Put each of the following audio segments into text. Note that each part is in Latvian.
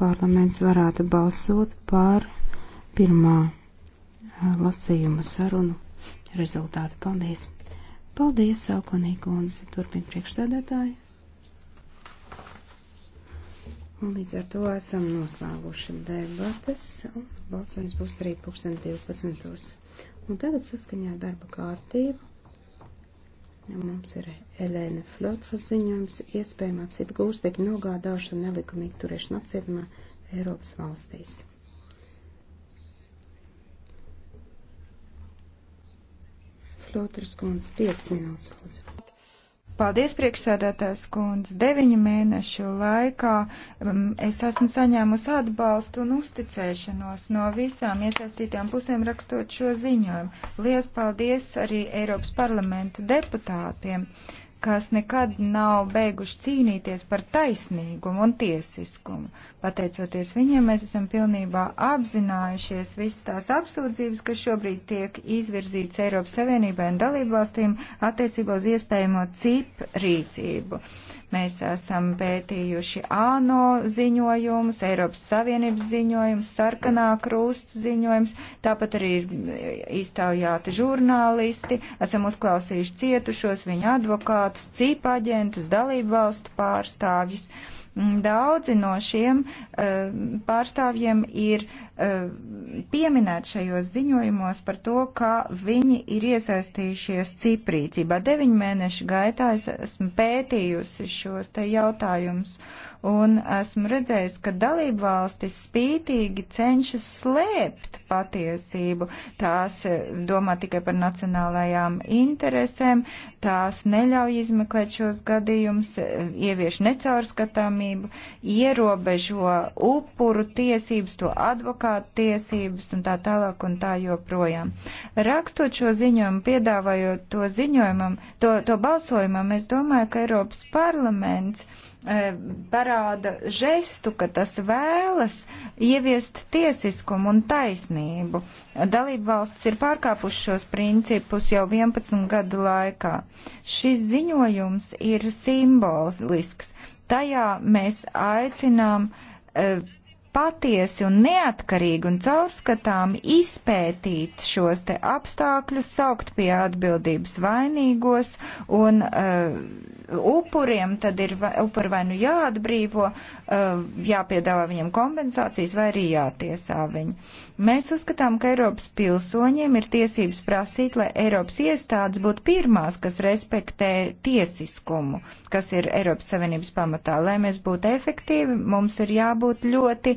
parlaments varētu balsot par pirmā lasījuma sarunu rezultātu. Paldies! Paldies, Saukonī kundze, turpina priekšsēdētāji. Un līdz ar to esam noslēguši debatas, un balsojums būs arī 2012. Un tagad saskaņā darba kārtību. Mums ir Elēna Flotra ziņojums, iespējamā cipa gūstekņa nogādāšana nelikumīgi turēšana apcietumā Eiropas valstīs. Flotras kundze, 5 minūtes, lūdzu. Paldies, priekšsēdētājs kundze. Deviņu mēnešu laikā um, es esmu saņēmusi atbalstu un uzticēšanos no visām iesaistītām pusēm rakstot šo ziņojumu. Lielas paldies arī Eiropas parlamenta deputātiem, kas nekad nav beiguši cīnīties par taisnīgumu un tiesiskumu. Pateicoties viņiem, mēs esam pilnībā apzinājušies visas tās apsūdzības, kas šobrīd tiek izvirzītas Eiropas Savienībai un dalībvalstīm attiecībā uz iespējamo CIP rīcību. Mēs esam pētījuši ANO ziņojumus, Eiropas Savienības ziņojumus, sarkanā krusta ziņojumus, tāpat arī ir iztaujāti žurnālisti, esam uzklausījuši cietušos, viņu advokātus, cīpa aģentus, dalību valstu pārstāvjus. Daudzi no šiem eh, pārstāvjiem ir Eh, pieminēt šajos ziņojumos par to, ka viņi ir iesaistījušies ciprīcībā. Deviņu mēnešu gaitā es esmu pētījusi šos te jautājumus un esmu redzējusi, ka dalību valstis spītīgi cenšas slēpt patiesību. Tās eh, domā tikai par nacionālajām interesēm, tās neļauj izmeklēt šos gadījumus, eh, ievieš necaurskatāmību, ierobežo upuru tiesības to advokātu blokāta tiesības un tā tālāk un tā joprojām. Rakstot šo ziņojumu, piedāvājot to ziņojumam, to, to balsojumam, es domāju, ka Eiropas parlaments e, parāda žestu, ka tas vēlas ieviest tiesiskumu un taisnību. Dalība valsts ir pārkāpuši šos principus jau 11 gadu laikā. Šis ziņojums ir simbolisks. Tajā mēs aicinām uh, patiesi un neatkarīgi un caurskatām izpētīt šos te apstākļus, saukt pie atbildības vainīgos un uh, upuriem tad ir vai, upuri vai nu jāatbrīvo, uh, jāpiedāvā viņam kompensācijas vai arī jātiesā viņi. Mēs uzskatām, ka Eiropas pilsoņiem ir tiesības prasīt, lai Eiropas iestādes būtu pirmās, kas respektē tiesiskumu, kas ir Eiropas Savienības pamatā. Lai mēs būtu efektīvi, mums ir jābūt ļoti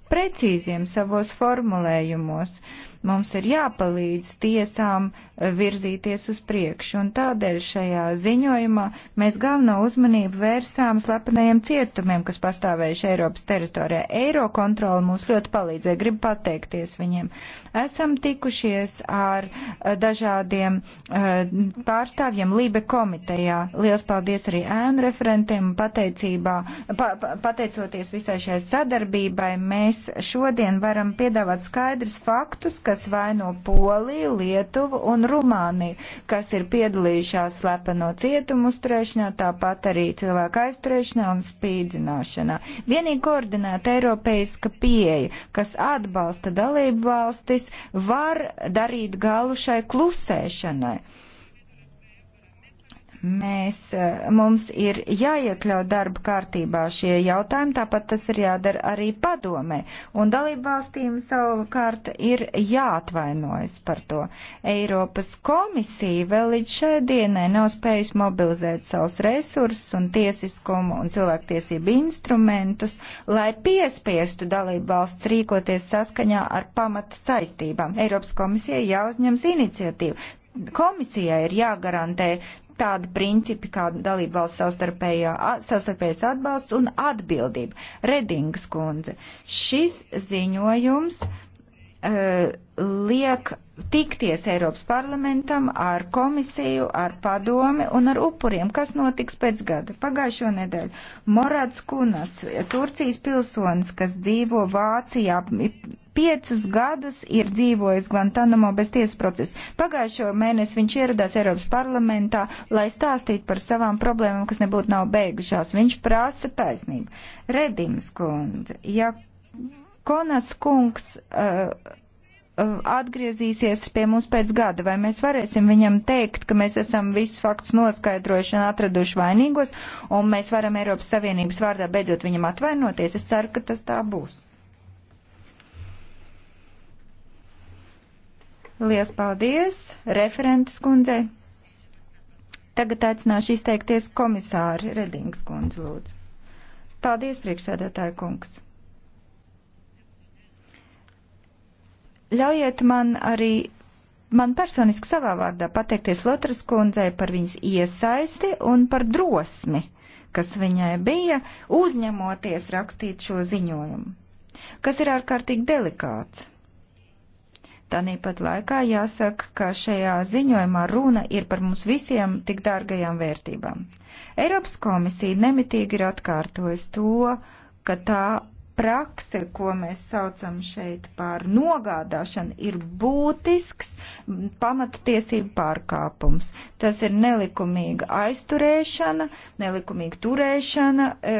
precīziem savos formulējumos. Mums ir jāpalīdz tiesām eh, virzīties uz priekšu, un tādēļ šajā ziņojumā mēs galveno uzmanību vērsām slepenajiem cietumiem, kas pastāvējuši Eiropas teritorijā. Eiro kontrola mums ļoti palīdzēja, gribu pateikties viņiem. Esam tikušies ar eh, dažādiem eh, pārstāvjiem Lībe komitejā. Liels paldies arī ēnu referentiem, pateicībā, pa, pa, pateicoties visai šai sadarbībai, mēs mēs šodien varam piedāvāt skaidrus faktus, kas vaino Poliju, Lietuvu un Rumāniju, kas ir piedalījušās slepeno cietumu uzturēšanā, tāpat arī cilvēku aizturēšanā un spīdzināšanā. Vienīgi koordinēta eiropeiska pieeja, kas atbalsta dalību valstis, var darīt galu šai klusēšanai. Mēs, eh, mums ir jāiekļaut darba kārtībā šie jautājumi, tāpat tas ir jādara arī padomē. Un dalību valstīm savukārt ir jāatvainojas par to. Eiropas komisija vēl līdz šai dienai nav spējusi mobilizēt savus resursus un tiesiskumu un cilvēktiesību instrumentus, lai piespiestu dalību valsts rīkoties saskaņā ar pamata saistībām. Eiropas komisija jāuzņems iniciatīvu. Komisijai ir jāgarantē tādi principi kā dalība valsts savstarpējais atbalsts un atbildība. Redingas kundze, šis ziņojums Eh, liek tikties Eiropas parlamentam ar komisiju, ar padomi un ar upuriem, kas notiks pēc gada. Pagājušo nedēļu Morāds Kunats, Turcijas pilsonis, kas dzīvo Vācijā, piecus gadus ir dzīvojis Guantanamo bez tiesas procesa. Pagājušo mēnesi viņš ieradās Eiropas parlamentā, lai stāstītu par savām problēmām, kas nebūtu nav beigušās. Viņš prasa taisnību. Redims kundze, ja Konas kungs uh, uh, atgriezīsies pie mums pēc gada, vai mēs varēsim viņam teikt, ka mēs esam visus faktus noskaidrojuši un atraduši vainīgos, un mēs varam Eiropas Savienības vārdā beidzot viņam atvainoties. Es ceru, ka tas tā būs. Lielas paldies referentes kundzei. Tagad aicināšu izteikties komisāri Redings kundze, lūdzu. Paldies, priekšsēdētāja kungs. Ļaujiet man arī man personiski savā vārdā pateikties Lotras kundzei par viņas iesaisti un par drosmi, kas viņai bija uzņemoties rakstīt šo ziņojumu, kas ir ārkārtīgi delikāts. Tāpat laikā jāsaka, ka šajā ziņojumā runa ir par mums visiem tik dārgajām vērtībām. Eiropas komisija nemitīgi ir atkārtojusi to, ka tā prakse, ko mēs saucam šeit par nogādāšanu, ir būtisks pamattiesību pārkāpums. Tas ir nelikumīga aizturēšana, nelikumīga turēšana, e,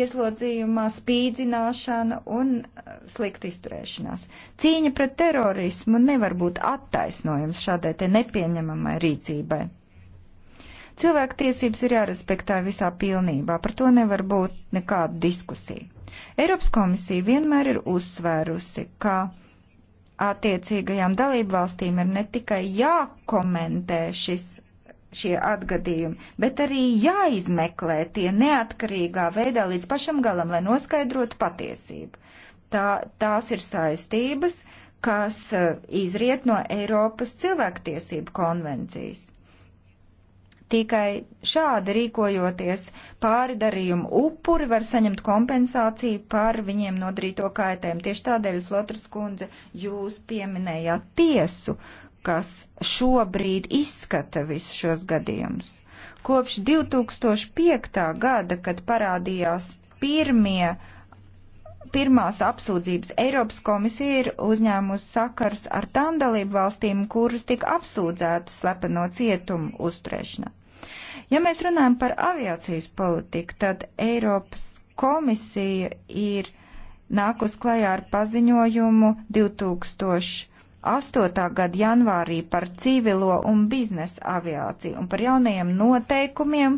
ieslodzījumā spīdzināšana un e, slikta izturēšanās. Cīņa pret terorismu nevar būt attaisnojums šādai te nepieņemamai rīcībai. Cilvēku tiesības ir jārespektē visā pilnībā, par to nevar būt nekāda diskusija. Eiropas komisija vienmēr ir uzsvērusi, ka attiecīgajām dalību valstīm ir ne tikai jākomentē šis šie atgadījumi, bet arī jāizmeklē tie neatkarīgā veidā līdz pašam galam, lai noskaidrotu patiesību. Tā, tās ir saistības, kas eh, izriet no Eiropas cilvēktiesību konvencijas. Tikai šādi rīkojoties pāri darījumu upuri var saņemt kompensāciju par viņiem nodarīto kaitējumu. Tieši tādēļ, Flotras kundze, jūs pieminējāt tiesu, kas šobrīd izskata visus šos gadījumus. Kopš 2005. gada, kad parādījās pirmie pirmās apsūdzības Eiropas komisija ir uzņēmusi sakars ar tām dalību valstīm, kuras tika apsūdzētas slepeno cietumu uzturēšanā. Ja mēs runājam par aviācijas politiku, tad Eiropas komisija ir nākus klajā ar paziņojumu 2008. gada janvārī par civilo un biznesa aviāciju un par jaunajiem noteikumiem,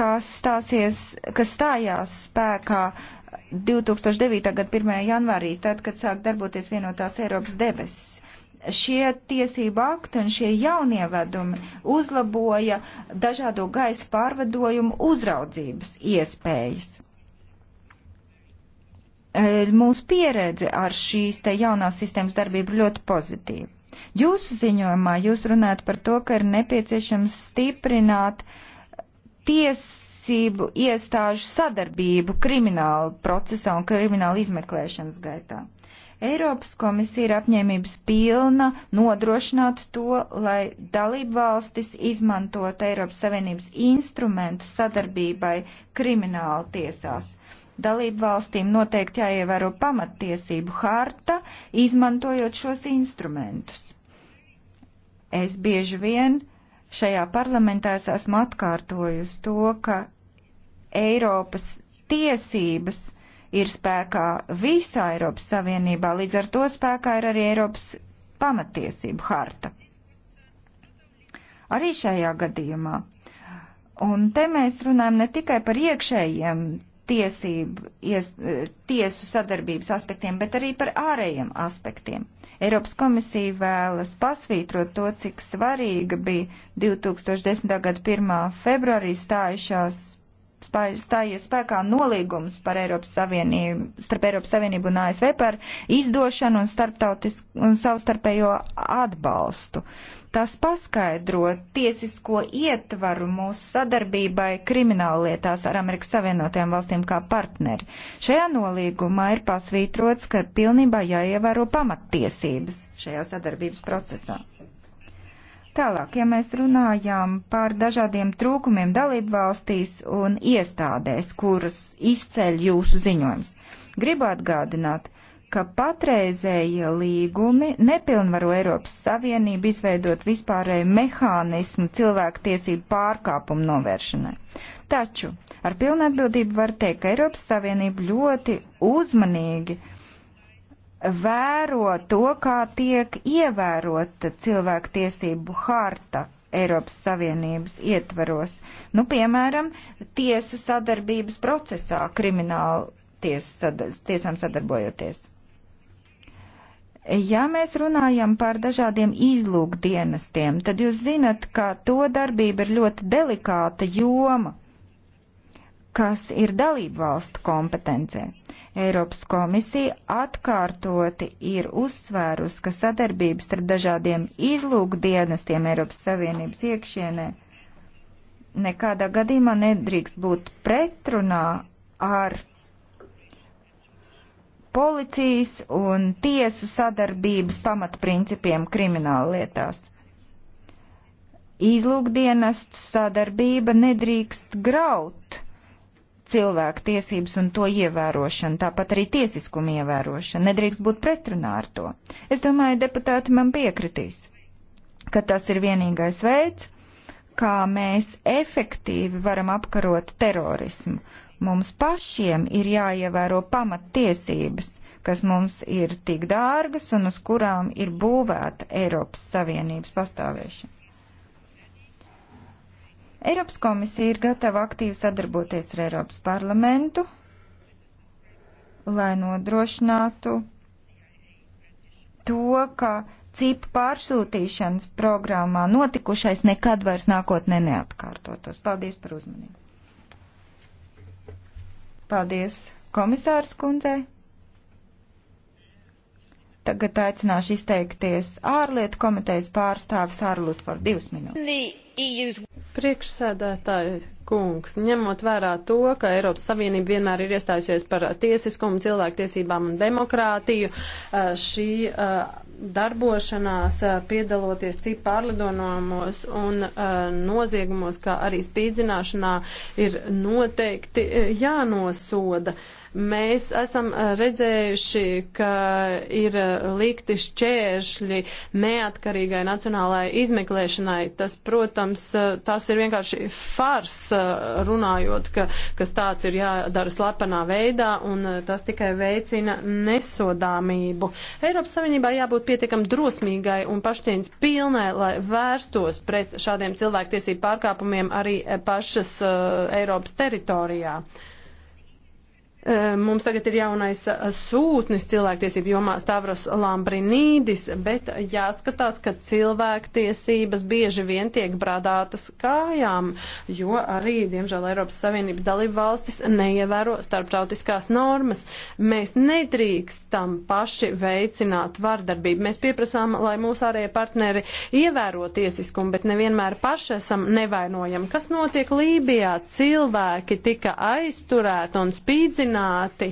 kas, stāsies, kas stājās spēkā 2009. gada 1. janvārī, tad, kad sāk darboties vienotās Eiropas debesis šie tiesību akti un šie jaunievedumi uzlaboja dažādo gaisa pārvadojumu uzraudzības iespējas. E, mūsu pieredze ar šīs te jaunās sistēmas darbību ļoti pozitīva. Jūsu ziņojumā jūs runājat par to, ka ir nepieciešams stiprināt tiesību iestāžu sadarbību krimināla procesā un krimināla izmeklēšanas gaitā. Eiropas komisija ir apņēmības pilna nodrošināt to, lai dalību valstis izmantot Eiropas Savienības instrumentu sadarbībai krimināla tiesās. Dalību valstīm noteikti jāievēro pamattiesību harta, izmantojot šos instrumentus. Es bieži vien šajā parlamentā es esmu atkārtojusi to, ka Eiropas tiesības ir spēkā visā Eiropas Savienībā, līdz ar to spēkā ir arī Eiropas pamatiesību harta. Arī šajā gadījumā. Un te mēs runājam ne tikai par iekšējiem tiesību, ies, tiesu sadarbības aspektiem, bet arī par ārējiem aspektiem. Eiropas komisija vēlas pasvītrot to, cik svarīga bija 2010. gada 1. februārī stājušās stājies spēkā nolīgums par Eiropas Savienību, starp Eiropas Savienību un ASV par izdošanu un, un savstarpējo atbalstu. Tas paskaidro tiesisko ietvaru mūsu sadarbībai krimināllietās ar Amerikas Savienotajām valstīm kā partneri. Šajā nolīgumā ir pasvītrots, ka pilnībā jāievēro pamattiesības šajā sadarbības procesā. Tālāk, ja mēs runājām par dažādiem trūkumiem dalību valstīs un iestādēs, kurus izceļ jūsu ziņojums, gribu atgādināt, ka patreizējie līgumi nepilnvaro Eiropas Savienību izveidot vispārēju mehānismu cilvēktiesību pārkāpumu novēršanai. Taču ar pilnu atbildību var teikt, ka Eiropas Savienība ļoti uzmanīgi vēro to, kā tiek ievērota cilvēku tiesību harta. Eiropas Savienības ietvaros, nu, piemēram, tiesu sadarbības procesā, kriminālu tiesu sadar tiesām sadarbojoties. Ja mēs runājam par dažādiem izlūkdienestiem, tad jūs zinat, ka to darbība ir ļoti delikāta joma, kas ir dalību valstu kompetencē. Eiropas komisija atkārtoti ir uzsvērus, ka sadarbības starp dažādiem izlūkdienestiem Eiropas Savienības iekšienē nekādā gadījumā nedrīkst būt pretrunā ar policijas un tiesu sadarbības pamatprincipiem krimināllietās. Izlūkdienestu sadarbība nedrīkst graut cilvēku tiesības un to ievērošanu, tāpat arī tiesiskumu ievērošanu. Nedrīkst būt pretrunā ar to. Es domāju, deputāti man piekritīs, ka tas ir vienīgais veids, kā mēs efektīvi varam apkarot terorismu. Mums pašiem ir jāievēro pamattiesības, kas mums ir tik dārgas un uz kurām ir būvēta Eiropas Savienības pastāvēšana. Eiropas komisija ir gatava aktīvi sadarboties ar Eiropas parlamentu, lai nodrošinātu to, ka cipu pārsūtīšanas programmā notikušais nekad vairs nākotnē neatkārtotos. Paldies par uzmanību. Paldies komisārs kundzei. Tagad aicināšu izteikties ārlietu komitejas pārstāvis ārlutvaru divas minūtes. E Priekšsēdētāji kungs, ņemot vērā to, ka Eiropas Savienība vienmēr ir iestājusies par tiesiskumu, cilvēktiesībām un demokrātiju, šī darbošanās, piedaloties cik pārlidonomos un noziegumos, kā arī spīdzināšanā, ir noteikti jānosoda. Uh, Mēs esam eh, redzējuši, ka ir eh, likti šķēršļi neatkarīgai nacionālajai izmeklēšanai. Tas, protams, eh, tas ir vienkārši fars runājot, ka, kas tāds ir jādara slepenā veidā, un tas tikai veicina nesodāmību. Eiropas Savienībā jābūt pietiekam drosmīgai un pašcieņas pilnai, lai vērstos pret šādiem cilvēktiesību pārkāpumiem arī pašas uh, Eiropas teritorijā. Uh, Eh, mums tagad ir jaunais eh, sūtnis cilvēktiesību jomā Stavros Lambrinīdis, bet jāskatās, ka cilvēktiesības bieži vien tiek brādātas kājām, jo arī, diemžēl, Eiropas Savienības dalību valstis neievēro starptautiskās normas. Mēs nedrīkstam paši veicināt vardarbību. Mēs pieprasām, lai mūsu ārējie partneri ievēro tiesiskumu, bet nevienmēr paši esam nevainojami. Kas notiek Lībijā? Cilvēki tika aizturēti un spīdzināti nogalināti.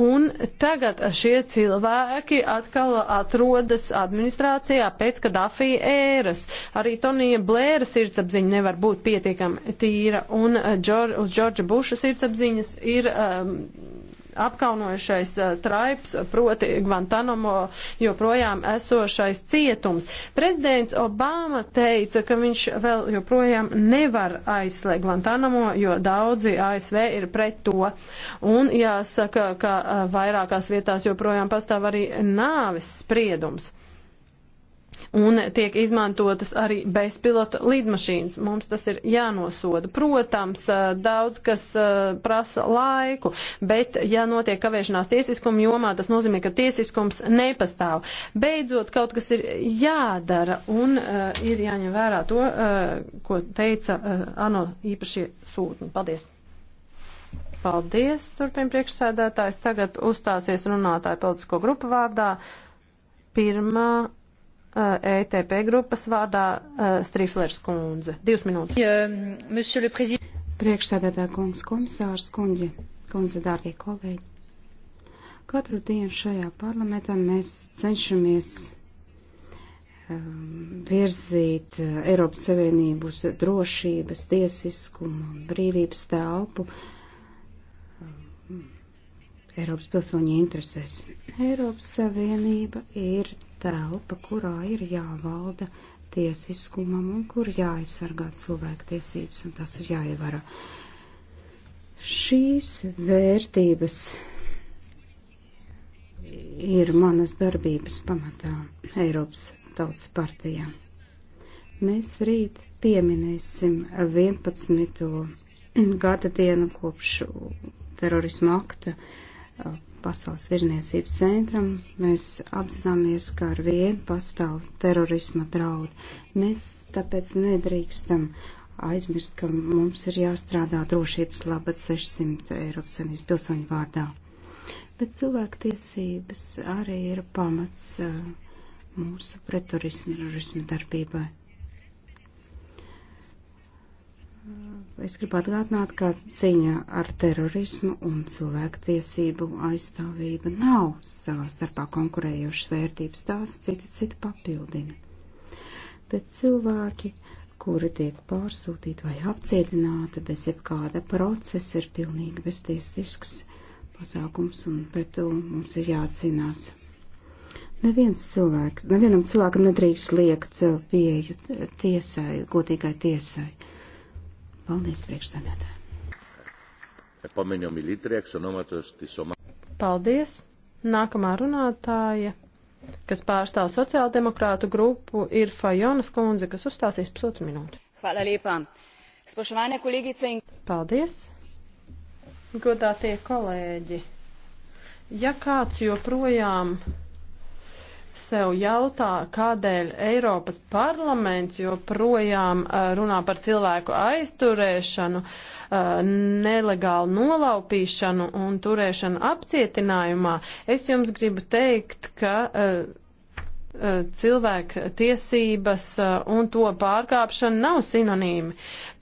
Un tagad šie cilvēki atkal atrodas administrācijā pēc Kadafija ēras. Arī Tonija Blēra sirdsapziņa nevar būt pietiekami tīra, un uh, Džor, uz Džordža Buša sirdsapziņas ir um, apkaunojušais eh, traips, proti Guantanamo joprojām esošais cietums. Prezidents Obama teica, ka viņš vēl joprojām nevar aizslēgt Guantanamo, jo daudzi ASV ir pret to. Un jāsaka, ka eh, vairākās vietās joprojām pastāv arī nāves spriedums un tiek izmantotas arī bezpilota lidmašīnas. Mums tas ir jānosoda. Protams, eh, daudz kas eh, prasa laiku, bet ja notiek kavēšanās tiesiskuma jomā, tas nozīmē, ka tiesiskums nepastāv. Beidzot, kaut kas ir jādara un uh, ir jāņem vērā to, uh, ko teica uh, ANO īpašie sūtņi. Paldies! Paldies, turpina priekšsēdētājs. Tagad uzstāsies runātāja politisko grupu vārdā. Pirmā ETP eh, e grupas vārdā eh, Striflers kundze. Divas minūtes. Priekšsēdētā kungs, komisārs kundze, kundze, dārgie kolēģi. Katru dienu šajā parlamentā mēs cenšamies eh, virzīt Eiropas Savienību uz drošības, tiesiskumu, brīvības telpu Eiropas pilsoņu interesēs. Eiropas Savienība ir telpa, kurā ir jāvalda tiesiskumam un kur jāaizsargā cilvēktiesības, un tas ir jāievara. Šīs vērtības ir manas darbības pamatā Eiropas tautas partijā. Mēs rīt pieminēsim 11. gada dienu kopš terorisma akta Pasaules virniecības centram, mēs apzināmies, ka ar vienu pastāv terorisma draudi. Mēs tāpēc nedrīkstam aizmirst, ka mums ir jāstrādā drošības labad 600 Eiropas Savienības pilsoņu vārdā. Bet cilvēktiesības arī ir pamats eh, mūsu pretorismu darbībai. Es gribu atgādināt, ka cīņa ar terorismu un cilvēktiesību aizstāvība nav savā starpā konkurējošas vērtības, tās citi citu papildina. Bet cilvēki, kuri tiek pārsūtīti vai apcietināti bez jebkāda procesa, ir pilnīgi beztiesisks pasākums un pret to mums ir jācīnās. Neviens cilvēks, nevienam cilvēkam nedrīkst liekt pieeju tiesai, godīgai tiesai Paldies, priekšsēdētāji. Paldies. Nākamā runātāja, kas pārstāv sociāldemokrātu grupu, ir Fajonas kundze, kas uzstāsīs pusotru minūti. Hvala lijepa. Spoštovane kolegice in... Paldies. Godātie kolēģi. Ja kāds joprojām sev jautā, kādēļ Eiropas parlaments joprojām runā par cilvēku aizturēšanu, nelegālu nolaupīšanu un turēšanu apcietinājumā, es jums gribu teikt, ka E, cilvēka tiesības e, un to pārkāpšana nav sinonīmi.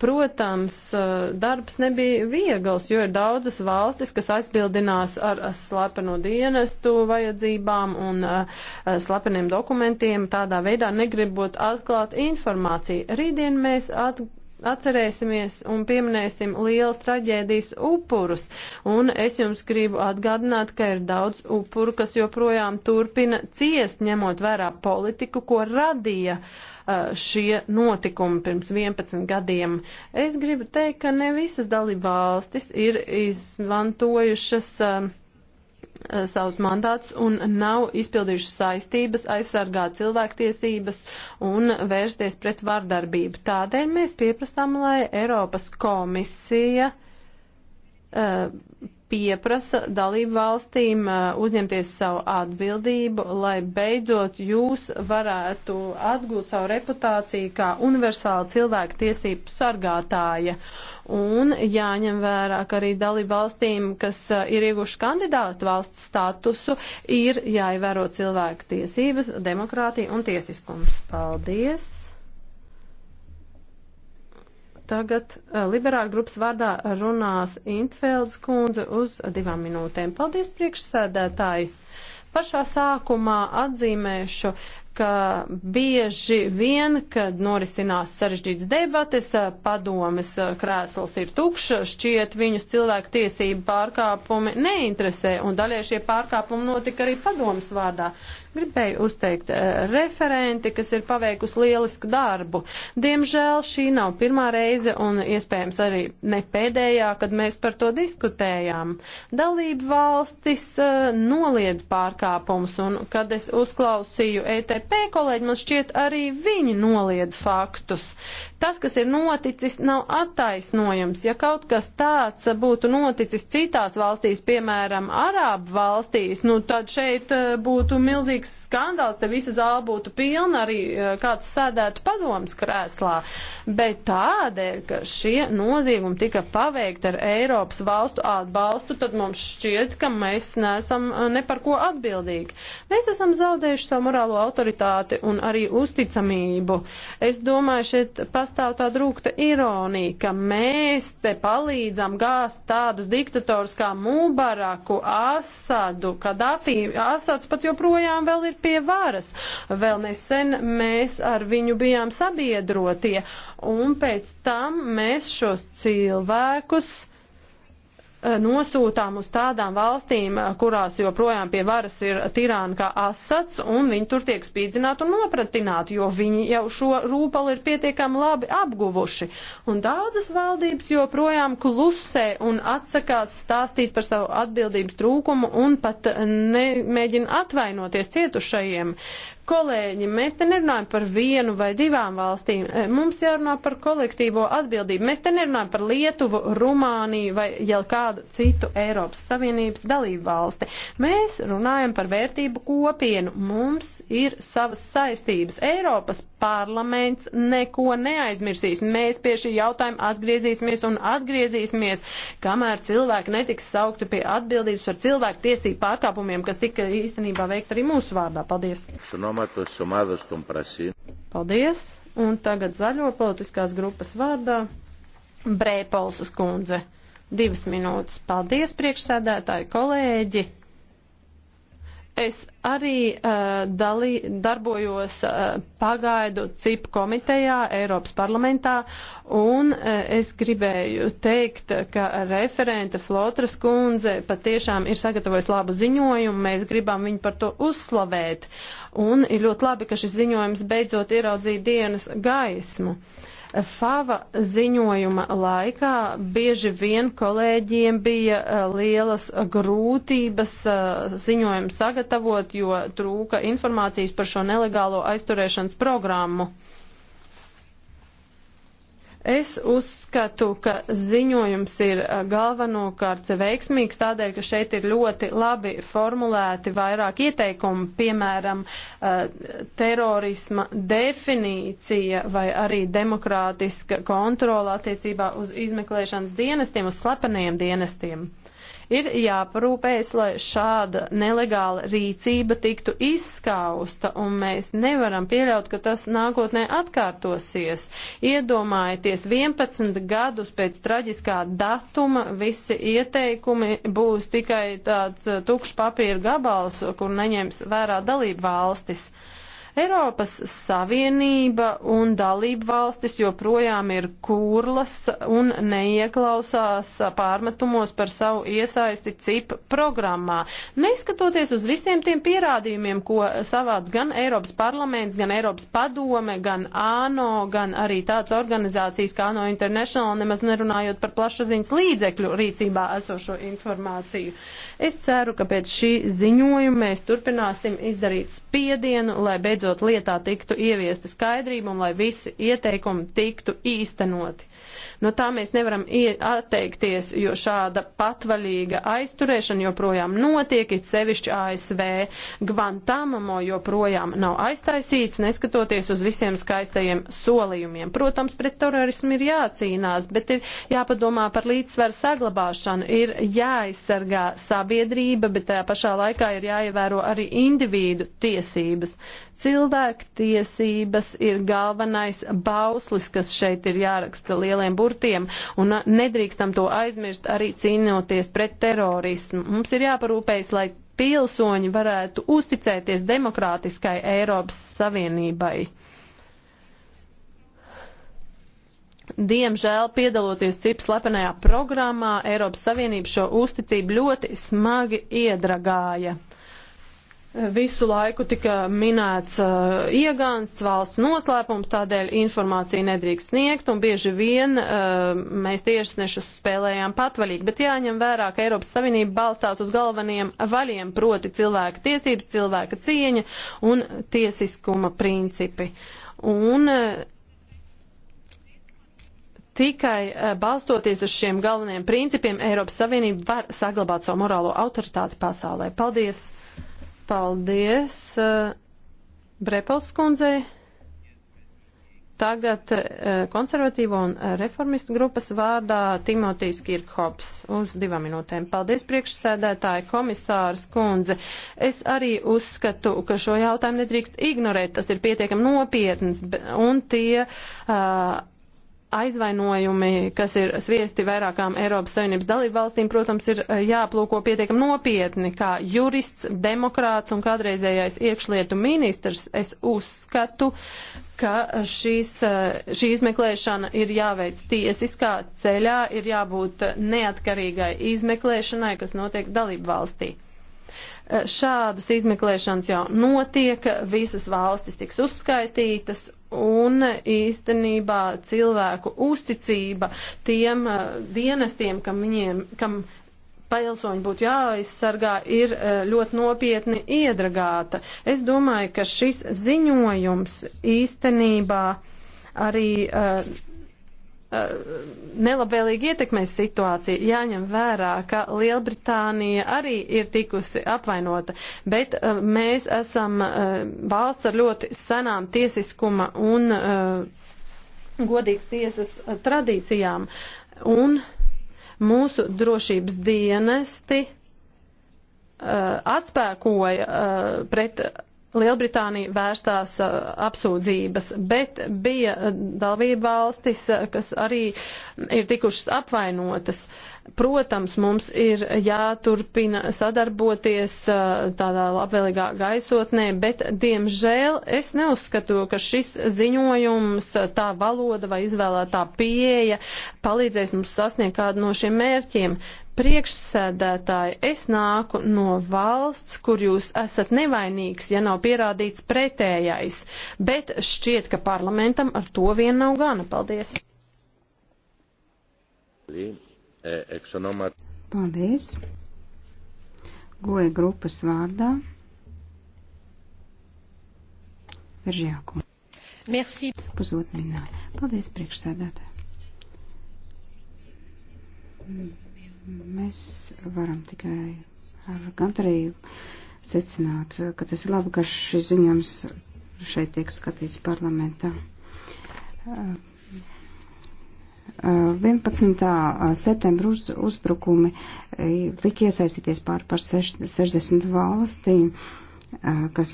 Protams, e, darbs nebija viegls, jo ir daudzas valstis, kas aizbildinās ar slepeno dienestu vajadzībām un slepeniem dokumentiem, tādā veidā negribot atklāt informāciju. Rītdien mēs atgādājam atcerēsimies un pieminēsim lielas traģēdijas upurus. Un es jums gribu atgādināt, ka ir daudz upuru, kas joprojām turpina ciest, ņemot vērā politiku, ko radīja uh, šie notikumi pirms 11 gadiem. Es gribu teikt, ka ne visas dalība valstis ir izmantojušas uh, Uh, savus mandātus un nav izpildījuši saistības aizsargāt cilvēktiesības un vērsties pret vardarbību. Tādēļ mēs pieprasām, lai Eiropas komisija uh, pieprasa dalību valstīm uh, uzņemties savu atbildību, lai beidzot jūs varētu atgūt savu reputāciju kā universāla cilvēku tiesību sargātāja. Un jāņem vērā, ka arī dalību valstīm, kas uh, ir ieguši kandidātu valsts statusu, ir jāievēro cilvēku tiesības, demokrātija un tiesiskums. Paldies! Tagad eh, liberāļu grupas vārdā runās Intfelds kundze uz divām minūtēm. Paldies, priekšsēdētāji! Pašā sākumā atzīmēšu, ka bieži vien, kad norisinās sarežģīts debates, eh, padomes eh, krēsls ir tukšs, šķiet viņus cilvēku tiesību pārkāpumi neinteresē, un daļai šie pārkāpumi notika arī padomes vārdā. Gribēju uzteikt eh, referenti, kas ir paveikusi lielisku darbu. Diemžēl šī nav pirmā reize un iespējams arī ne pēdējā, kad mēs par to diskutējām. Dalību valstis eh, noliedz pārkāpumus un, kad es uzklausīju ETP kolēģi, man šķiet arī viņi noliedz faktus. Tas, kas ir noticis, nav attaisnojams. Ja kaut kas tāds būtu noticis citās valstīs, piemēram, Arābu valstīs, nu tad šeit eh, būtu milzīgs skandāls, te visa zāle būtu pilna, arī eh, kāds sēdētu padomas krēslā. Bet tādēļ, ka šie noziegumi tika paveikti ar Eiropas valstu atbalstu, tad mums šķiet, ka mēs neesam eh, ne par ko atbildīgi. Mēs esam zaudējuši savu morālo autoritāti un arī uzticamību. Es domāju, šeit pas pastāv tāda rūkta ironija, ka mēs te palīdzam gāzt tādus diktatorus kā Mubaraku, Asadu, Kadafī. Asads pat joprojām vēl ir pie varas. Vēl nesen mēs ar viņu bijām sabiedrotie. Un pēc tam mēs šos cilvēkus Eh, nosūtām uz tādām valstīm, eh, kurās joprojām pie varas ir tirāna kā asats, un viņi tur tiek spīdzināti un nopratināti, jo viņi jau šo rūpalu ir pietiekami labi apguvuši. Un daudzas valdības joprojām klusē un atsakās stāstīt par savu atbildības trūkumu un pat nemēģina atvainoties cietušajiem. Kolēģi, mēs te nerunājam par vienu vai divām valstīm. Eh, mums jārunā par kolektīvo atbildību. Mēs te nerunājam par Lietuvu, Rumāniju vai jau kādu citu Eiropas Savienības dalību valsti. Mēs runājam par vērtību kopienu. Mums ir savas saistības. Eiropas parlaments neko neaizmirsīs. Mēs pie šī jautājuma atgriezīsimies un atgriezīsimies, kamēr cilvēki netiks saukti pie atbildības par cilvēku tiesību pārkāpumiem, kas tika īstenībā veikt arī mūsu vārdā. Paldies! Paldies! Un tagad zaļo politiskās grupas vārdā Brēpolsas kundze. Divas minūtes. Paldies, priekšsēdētāji, kolēģi! Es arī uh, dalī, darbojos uh, pagaidu CIP komitejā Eiropas parlamentā, un uh, es gribēju teikt, ka referente Flotras kundze patiešām ir sagatavojis labu ziņojumu, mēs gribam viņu par to uzslavēt, un ir ļoti labi, ka šis ziņojums beidzot ieraudzīja dienas gaismu. Uh, Fava ziņojuma laikā bieži vien kolēģiem bija e, lielas grūtības e, ziņojumu sagatavot, jo trūka informācijas par šo nelegālo aizturēšanas programmu. Es uzskatu, ka ziņojums ir eh, galvenokārt veiksmīgs tādēļ, ka šeit ir ļoti labi formulēti vairāk ieteikumi, piemēram, eh, terorisma definīcija vai arī demokrātiska kontrola attiecībā uz izmeklēšanas dienestiem, uz slepeniem dienestiem. Ir jāparūpējas, lai šāda nelegāla rīcība tiktu izskausta, un mēs nevaram pieļaut, ka tas nākotnē atkārtosies. Iedomājieties, 11 gadus pēc traģiskā datuma visi ieteikumi būs tikai tāds tukšs papīra gabals, kur neņems vērā dalību valstis. Eiropas Savienība un dalību valstis joprojām ir kurlas un neieklausās pārmetumos par savu iesaisti CIP programmā. Neskatoties uz visiem tiem pierādījumiem, ko savāc gan Eiropas parlaments, gan Eiropas padome, gan ANO, gan arī tāds organizācijas kā ANO International, nemaz nerunājot par plašsaziņas līdzekļu rīcībā esošo informāciju. Uh, Es ceru, ka pēc šī ziņojuma mēs turpināsim izdarīt spiedienu, lai beidzot lietā tiktu ieviesta skaidrība un lai visi ieteikumi tiktu īstenoti. No tā mēs nevaram atteikties, jo šāda patvaļīga aizturēšana joprojām notiek, it sevišķi ASV. Gvantamamo joprojām nav aiztaisīts, neskatoties uz visiem skaistajiem solījumiem. Protams, pret terorismu ir jācīnās, bet ir jāpadomā par līdzsvaru saglabāšanu, ir jāaizsargā sabiedrība, bet tajā pašā laikā ir jāievēro arī individu tiesības. Cilvēktiesības ir galvenais bauslis, kas šeit ir jāraksta lieliem burtiem, un nedrīkstam to aizmirst arī cīnoties pret terorismu. Mums ir jāparūpējas, lai pilsoņi varētu uzticēties demokrātiskai Eiropas Savienībai. Diemžēl, piedaloties CIP slepenajā programmā, Eiropas Savienība šo uzticību ļoti smagi iedragāja. Visu laiku tika minēts uh, iegāns, valsts noslēpums, tādēļ informāciju nedrīkst sniegt, un bieži vien uh, mēs tiesnešus spēlējām patvaļīgi, bet jāņem vērā, ka Eiropas Savienība balstās uz galvenajiem vaļiem, proti cilvēka tiesības, cilvēka cieņa un tiesiskuma principi. Un, uh, Tikai balstoties uz šiem galvenajiem principiem, Eiropas Savienība var saglabāt savu morālo autoritāti pasaulē. Paldies! paldies uh, Brepels kundzei. Tagad uh, konservatīvo un reformistu grupas vārdā Timotijs Kirkhops uz divām minūtēm. Paldies priekšsēdētāji komisārs kundze. Es arī uzskatu, ka šo jautājumu nedrīkst ignorēt. Tas ir pietiekami nopietns un tie. Uh, aizvainojumi, kas ir sviesti vairākām Eiropas Savienības dalību valstīm, protams, ir eh, jāplūko pietiekam nopietni, kā jurists, demokrāts un kādreizējais iekšlietu ministrs. Es uzskatu, ka šīs, eh, šī izmeklēšana ir jāveic tiesiskā ceļā, ir jābūt neatkarīgai izmeklēšanai, kas notiek dalību valstī. Eh, šādas izmeklēšanas jau notiek, visas valstis tiks uzskaitītas un īstenībā cilvēku uzticība tiem uh, dienestiem, kam viņiem, kam pilsoņi būtu jāaizsargā, ir uh, ļoti nopietni iedragāta. Es domāju, ka šis ziņojums īstenībā arī uh, nelabvēlīgi ietekmēs situāciju. Jāņem vērā, ka Lielbritānija arī ir tikusi apvainota, bet uh, mēs esam uh, valsts ar ļoti senām tiesiskuma un uh, godīgas tiesas tradīcijām. Un mūsu drošības dienesti atspēkoja pret Lielbritānija vērstās uh, apsūdzības, bet bija uh, dalība valstis, uh, kas arī ir tikušas apvainotas. Protams, mums ir jāturpina sadarboties uh, tādā labvēlīgā gaisotnē, bet, diemžēl, es neuzskatu, ka šis ziņojums, uh, tā valoda vai izvēlētā pieeja palīdzēs mums sasniegt kādu no šiem mērķiem priekšsēdētāji, es nāku no valsts, kur jūs esat nevainīgs, ja nav pierādīts pretējais, bet šķiet, ka parlamentam ar to vien nav gana. Paldies! Paldies! Goja grupas vārdā. Veržjāku. Merci. Pusotru minūti. Paldies, priekšsēdētāji. Mm. Mēs varam tikai ar gandarību secināt, ka tas ir labi, ka šis ziņojums šeit tiek skatīts parlamentā. 11. septembra uz, uzbrukumi lika e, iesaistīties pār par 60 valstīm. Uh, kas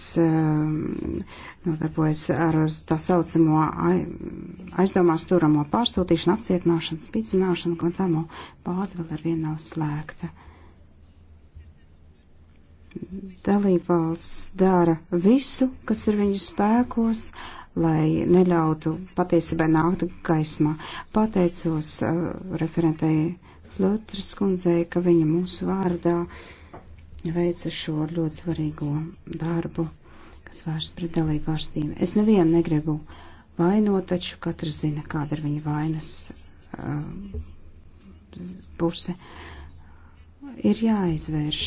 nodarbojas ar tā saucamo aizdomās turamo pārsūtīšanu, apcietināšanu, spīdzināšanu, un tā bāze vēl ar vienu nav slēgta. Dalībvalsts dara visu, kas ir viņu spēkos, lai neļautu patiesībai nākt gaismā. Pateicos uh, referentei Flotras kundzei, ka viņa mūsu vārdā uh, veica šo ļoti svarīgo darbu, kas vērsts pret dalību valstīm. Es nevienu negribu vainot, taču katrs zina, kāda ir viņa vainas um, puse. Ir jāizvērš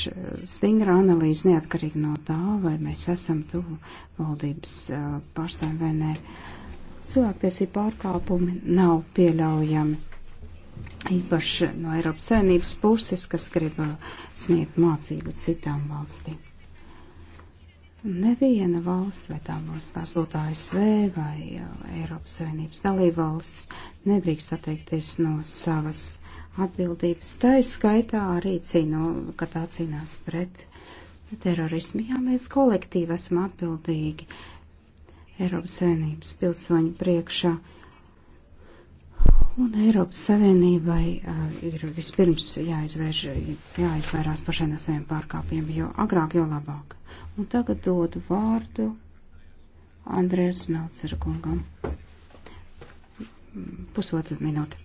stingra analīze neatkarīgi no tā, vai mēs esam tuvu valdības uh, pārstāvjiem vai nē. Cilvēktiesība pārkāpumi nav pieļaujami īpaši no Eiropas Savienības puses, kas grib uh, sniegt mācību citām valstīm. Neviena valsts, vai tā būs, tās būtu ASV vai uh, Eiropas Savienības dalībvalsts, nedrīkst atteikties no savas atbildības. Tā ir skaitā arī cīno, ka tā cīnās pret terorismu. Jā, mēs kolektīvi esam atbildīgi Eiropas Savienības pilsoņu priekšā. Uh, Un Eiropas Savienībai uh, ir vispirms jāizvērš, jāizvērās pašai no saviem pārkāpiem, jo agrāk, jo labāk. Un tagad dodu vārdu Andrēs Melcer kungam. Pusotra minūte.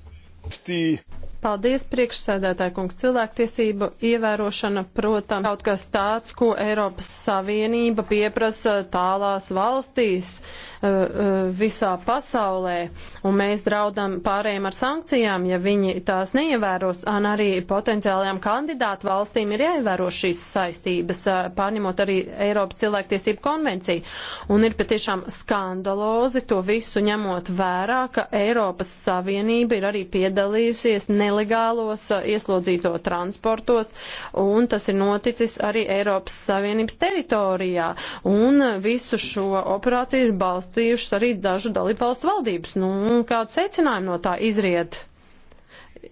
Paldies, priekšsēdētāji kungs. Cilvēktiesību ievērošana, protams, kaut kas tāds, ko Eiropas Savienība pieprasa tālās valstīs. Uh, Uh, uh, visā pasaulē, un mēs draudam pārējiem ar sankcijām, ja viņi tās neievēros, un arī potenciālajām kandidātu valstīm ir jāievēro šīs saistības, uh, pārņemot arī Eiropas cilvēktiesību konvenciju. Un ir patiešām skandalozi to visu ņemot vērā, ka Eiropas Savienība ir arī piedalījusies nelegālos ieslodzīto transportos, un tas ir noticis arī Eiropas Savienības teritorijā. Un visu šo operāciju ir balstīts atbalstījušas arī dažu dalību valstu valdības. Nu, kāda secinājuma no tā izriet?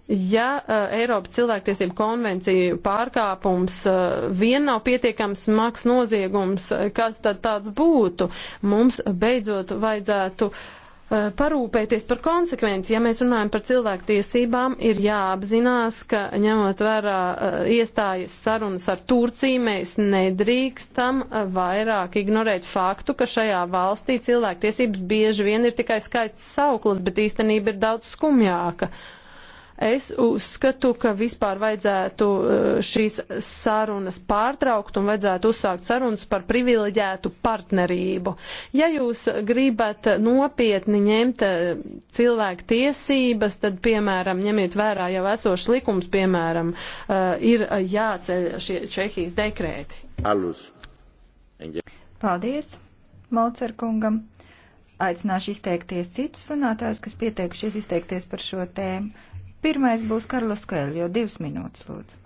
ja uh, Eiropas cilvēktiesību konvenciju pārkāpums uh, vien nav pietiekams smags noziegums, uh, kas tad tāds būtu? Mums beidzot vajadzētu uh, Eh, parūpēties par konsekvenci. Ja mēs runājam par cilvēktiesībām, ir jāapzinās, ka ņemot vērā eh, iestājas sarunas ar Turciju, mēs nedrīkstam eh, vairāk ignorēt faktu, ka šajā valstī cilvēktiesības bieži vien ir tikai skaists sauklis, bet īstenība ir daudz skumjāka. Uh, Es uzskatu, ka vispār vajadzētu eh, šīs sarunas pārtraukt un vajadzētu uzsākt sarunas par privileģētu partnerību. Ja jūs gribat nopietni ņemt eh, cilvēku tiesības, tad, piemēram, ņemiet vērā jau esošs likums, piemēram, eh, ir jāceļ šie Čehijas dekrēti. Alus. Paldies Malcerkungam. Aicināšu izteikties citus runātājus, kas pieteikušies izteikties par šo tēmu. Pirmais būs Karlos Kēļ, jo divas minūtes lūdzu.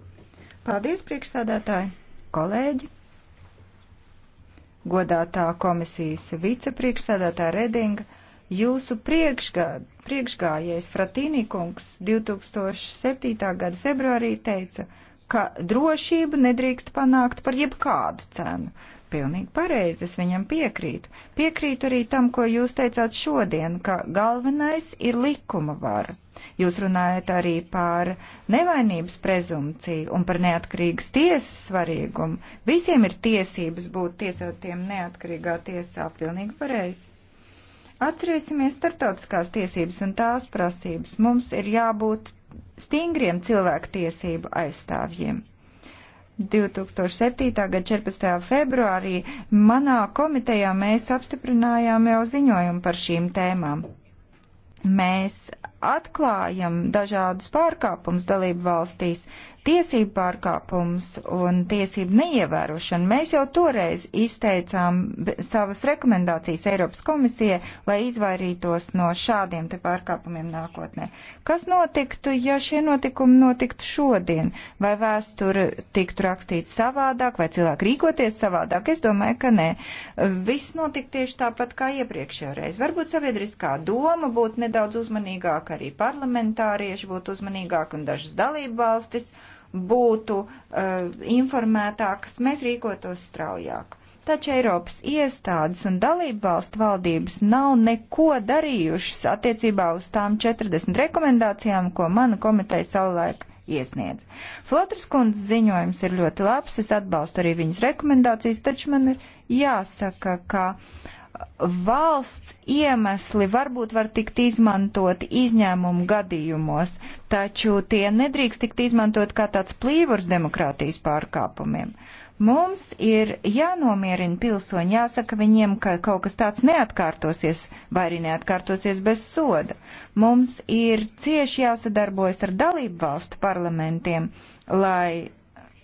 Paldies, priekšsādātāji, kolēģi, godātā komisijas vicepriekšsādātāja Redinga jūsu priekšgā, priekšgājējs Fratīnī kungs 2007. gada februārī teica, ka drošību nedrīkst panākt par jebkādu cenu. Pilnīgi pareizi, es viņam piekrītu. Piekrītu arī tam, ko jūs teicāt šodien, ka galvenais ir likuma vara. Jūs runājat arī par nevainības prezumciju un par neatkarīgas tiesas svarīgumu. Visiem ir tiesības būt tiesātiem neatkarīgā tiesā, pilnīgi pareizi. Atcerēsimies starptautiskās tiesības un tās prasības. Mums ir jābūt stingriem cilvēku tiesību aizstāvjiem. 2007. gada 14. februārī manā komitejā mēs apstiprinājām jau ziņojumu par šīm tēmām. Mēs atklājam dažādus pārkāpumus dalību valstīs, tiesību pārkāpums un tiesību neievērošana, mēs jau toreiz izteicām savas rekomendācijas Eiropas komisijai, lai izvairītos no šādiem te pārkāpumiem nākotnē. Kas notiktu, ja šie notikumi notiktu šodien? Vai vēsture tiktu rakstīta savādāk, vai cilvēki rīkoties savādāk? Es domāju, ka nē. Viss notika tieši tāpat kā iepriekšējā reizē. Varbūt sabiedriskā doma būtu nedaudz uzmanīgāka, arī parlamentārieši būtu uzmanīgāki un dažas dalību valstis. Uh, būtu uh, eh, informētākas, mēs rīkotos straujāk. Taču Eiropas iestādes un dalību valstu valdības nav neko darījušas attiecībā uz tām 40 rekomendācijām, ko mana komiteja savulaik iesniedz. Flotras kundzes ziņojums ir ļoti labs, es atbalstu arī viņas rekomendācijas, taču man ir jāsaka, ka uh, valsts iemesli varbūt var tikt izmantot izņēmumu gadījumos, taču tie nedrīkst tikt izmantot kā tāds plīvurs demokrātijas pārkāpumiem. Mums ir jānomierina pilsoņi, jāsaka viņiem, ka kaut kas tāds neatkārtosies vai arī neatkārtosies bez soda. Mums ir cieši jāsadarbojas ar dalību valstu parlamentiem, lai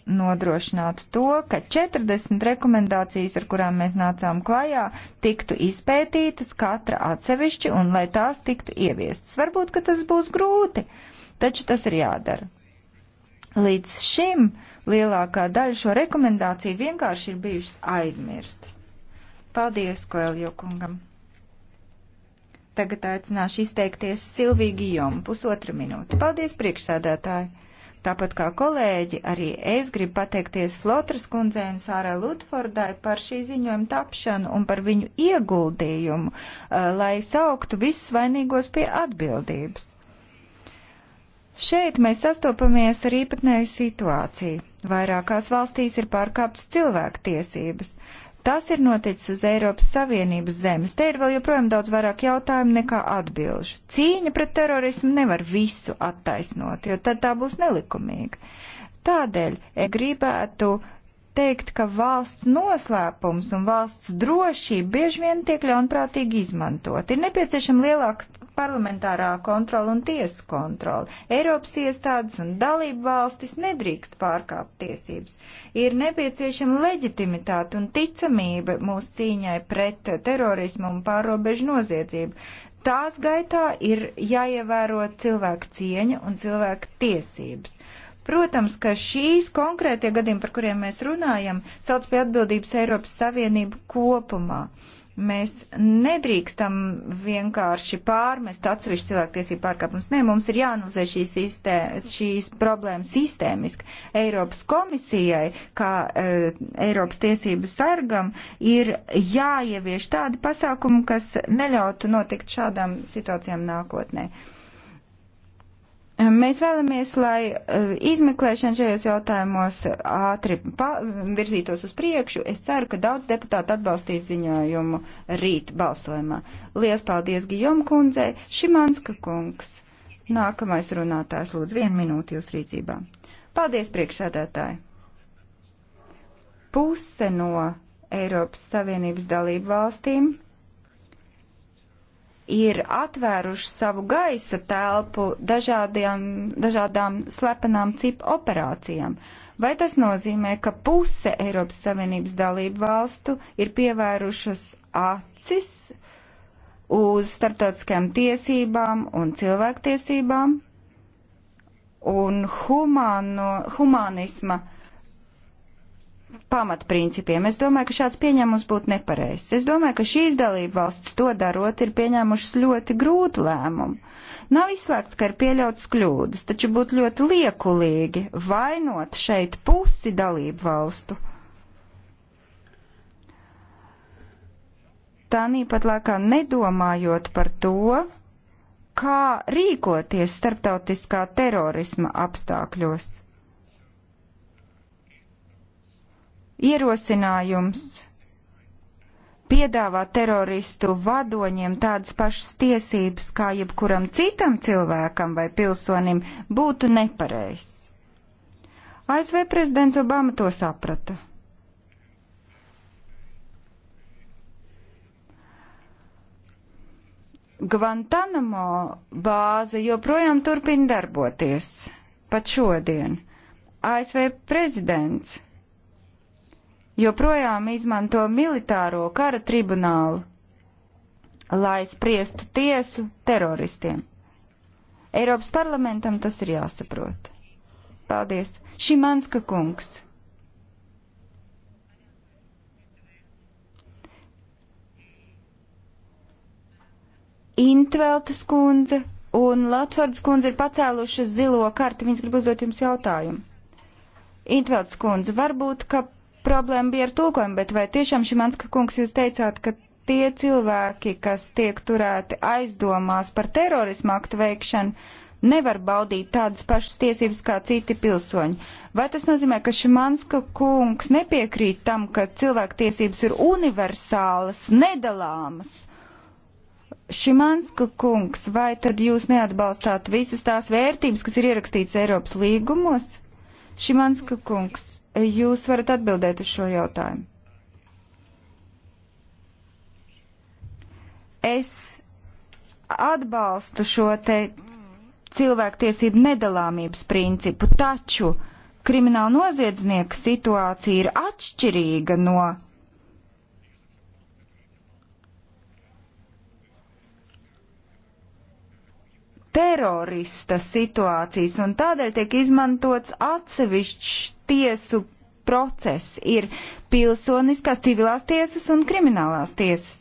nodrošināt to, ka 40 rekomendācijas, ar kurām mēs nācām klajā, tiktu izpētītas katra atsevišķi un lai tās tiktu ieviestas. Varbūt, ka tas būs grūti, taču tas ir jādara. Līdz šim lielākā daļa šo rekomendāciju vienkārši ir bijušas aizmirstas. Paldies, Koeljo kungam! Tagad aicināšu izteikties Silviju Gijomu pusotra minūte. Paldies, priekšsēdētāji! Tāpat kā kolēģi, arī es gribu pateikties Flotras kundzei un Sārai Lutfordai par šī ziņojuma tapšanu un par viņu ieguldījumu, lai sauktu visus vainīgos pie atbildības. Šeit mēs sastopamies ar īpatnēju situāciju. Vairākās valstīs ir pārkāptas cilvēktiesības. tiesības Tas ir noticis uz Eiropas Savienības zemes. Te ir vēl joprojām daudz vairāk jautājumu nekā atbilžu. Cīņa pret terorismu nevar visu attaisnot, jo tad tā būs nelikumīga. Tādēļ gribētu teikt, ka valsts noslēpums un valsts drošība bieži vien tiek ļaunprātīgi izmantot. Ir nepieciešama lielāka parlamentārā kontrola un tiesu kontrola. Eiropas iestādes un dalību valstis nedrīkst pārkāpt tiesības. Ir nepieciešama leģitimitāte un ticamība mūsu cīņai pret terorismu un pārobežu noziedzību. Tās gaitā ir jāievēro cilvēku cieņa un cilvēku tiesības. Protams, ka šīs konkrētie gadījumi, par kuriem mēs runājam, sauc pie atbildības Eiropas Savienību kopumā. Uh, Mēs nedrīkstam vienkārši pārmest atsevišķu cilvēktiesību pārkāpumus. Nē, mums ir jāanalizē šīs, istē, šīs problēmas sistēmiski. Eiropas komisijai, kā e, Eiropas tiesību sargam, ir jāievieš tādi pasākumi, kas neļautu notikt šādām situācijām nākotnē. E, Mēs vēlamies, lai eh, izmeklēšana šajos jautājumos ātri virzītos uz priekšu. Es ceru, ka daudz deputātu atbalstīs ziņojumu rīt balsojumā. Lielas paldies Gijom kundzei, Šimanska kungs. Nākamais runātājs lūdzu vienu minūti jūs rīcībā. Paldies priekšsēdētāji. Puse no Eiropas Savienības dalību valstīm ir atvēruši savu gaisa telpu dažādiem, dažādām slepenām cipu operācijām. Vai tas nozīmē, ka puse Eiropas Savienības dalību valstu ir pievērušas acis uz starptautiskajām tiesībām un cilvēktiesībām un humāno, humānisma pamatprincipiem. Es domāju, ka šāds pieņēmums būtu nepareizs. Es domāju, ka šīs dalība valsts to darot ir pieņēmušas ļoti grūtu lēmumu. Nav izslēgts, ka ir pieļautas kļūdas, taču būtu ļoti liekulīgi vainot šeit pusi dalību valstu. Tā nīpat laikā nedomājot par to, kā rīkoties starptautiskā terorisma apstākļos. ierosinājums piedāvā teroristu vadoņiem tādas pašas tiesības kā jebkuram citam cilvēkam vai pilsonim, būtu nepareizs. ASV prezidents Obama to saprata. Guantanamo bāze joprojām turpina darboties pat šodien. ASV prezidents joprojām izmanto militāro kara tribunālu, lai spriestu tiesu teroristiem. Eiropas parlamentam tas ir jāsaprot. Paldies. Šimanska kungs. Intveltas kundze un Latvārds kundze ir pacēlušas zilo karti. Viņas grib uzdot jums jautājumu. Intveltas kundze, varbūt, ka Problēma bija ar tulkojumu, bet vai tiešām Šimanska kungs jūs teicāt, ka tie cilvēki, kas tiek turēti aizdomās par terorismu aktu veikšanu, nevar baudīt tādas pašas tiesības kā citi pilsoņi. Vai tas nozīmē, ka Šimanska kungs nepiekrīt tam, ka cilvēktiesības ir universālas, nedalāmas? Šimanska kungs, vai tad jūs neatbalstāt visas tās vērtības, kas ir ierakstītas Eiropas līgumos? Šimanska kungs, jūs varat atbildēt uz šo jautājumu? Es atbalstu šo te cilvēktiesību nedalāmības principu, taču krimināla noziedznieka situācija ir atšķirīga no terorista situācijas, un tādēļ tiek izmantots atsevišķs tiesu process - ir pilsoniskās, civilās tiesas un kriminālās tiesas.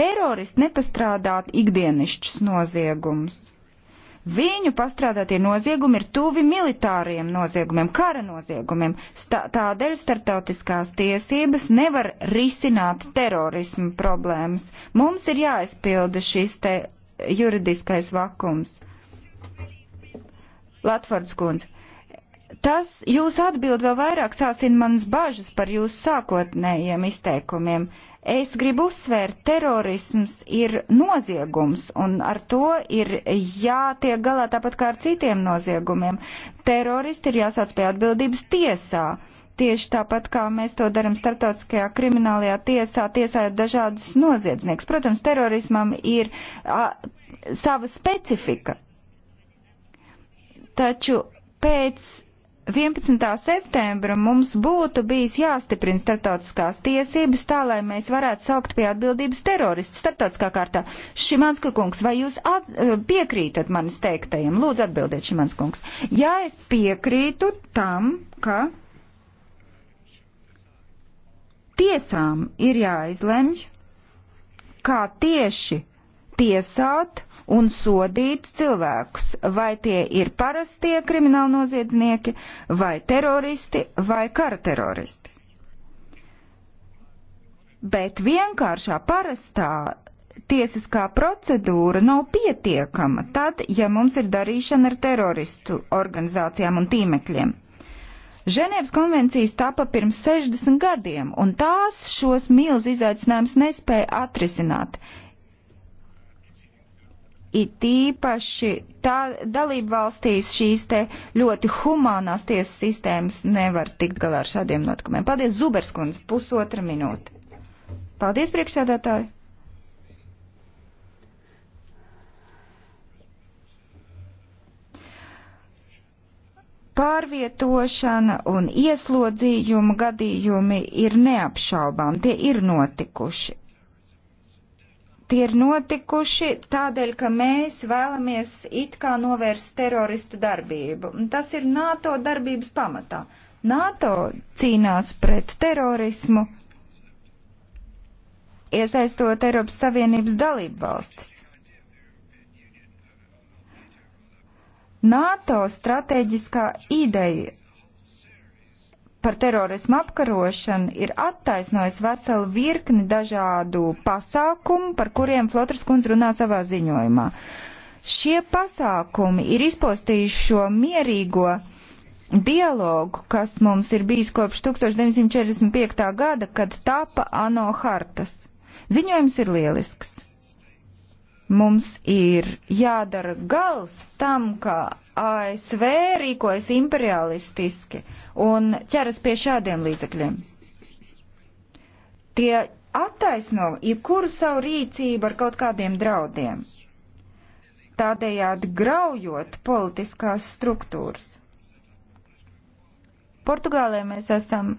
Teroristi nepastrādāt ikdienišķus noziegumus. Viņu pastrādātie noziegumi ir tuvi militāriem noziegumiem, kara noziegumiem. Stā, tādēļ starptautiskās tiesības nevar risināt terorismu problēmas. Mums ir jāizpilda šis te juridiskais vakums. Latvārds kundze. Tas jūsu atbild vēl vairāk sāsina manas bažas par jūsu sākotnējiem izteikumiem. Es gribu uzsvērt, terorisms ir noziegums, un ar to ir jātiek galā tāpat kā ar citiem noziegumiem. Teroristi ir jāsauc pie atbildības tiesā. Uh, Tieši tāpat kā mēs to darām starptautiskajā kriminālajā tiesā, tiesājot dažādus noziedzniekus. Protams, terorismam ir a, sava specifika. Taču pēc 11. septembra mums būtu bijis jāstiprina starptautiskās tiesības tā, lai mēs varētu saukt pie atbildības teroristus starptautiskā kārtā. Šimanska kungs, vai jūs at, e, piekrītat manis teiktajiem? Lūdzu atbildiet, Šimanska kungs. Jā, es piekrītu tam, ka Tiesām ir jāizlemj, kā tieši tiesāt un sodīt cilvēkus, vai tie ir parastie krimināli noziedznieki, vai teroristi, vai karateroristi. Bet vienkāršā parastā tiesiskā procedūra nav pietiekama tad, ja mums ir darīšana ar teroristu organizācijām un tīmekļiem. Ženēvas konvencijas tapa pirms 60 gadiem, un tās šos milzu izaicinājumus nespēja atrisināt. It īpaši tā dalību valstīs šīs te ļoti humānās tiesas sistēmas nevar tikt galā ar šādiem notikumiem. Paldies, Zuberskundze, pusotra minūte. Paldies, priekšsēdētāji! Pārvietošana un ieslodzījuma gadījumi ir neapšaubām, tie ir notikuši tie ir notikuši tādēļ, ka mēs vēlamies it kā novērst teroristu darbību. Tas ir NATO darbības pamatā. NATO cīnās pret terorismu, iesaistot Eiropas Savienības dalību valstis. NATO stratēģiskā ideja par terorismu apkarošanu ir attaisnojis veselu virkni dažādu pasākumu, par kuriem Flotras kundze runā savā ziņojumā. Šie pasākumi ir izpostījuši šo mierīgo dialogu, kas mums ir bijis kopš 1945. gada, kad tapa ANO hartas. Ziņojums ir lielisks. Mums ir jādara gals tam, ka ASV rīkojas imperialistiski un ķeras pie šādiem līdzekļiem. Tie attaisno jebkuru savu rīcību ar kaut kādiem draudiem, tādējādi graujot politiskās struktūras. Portugālē mēs esam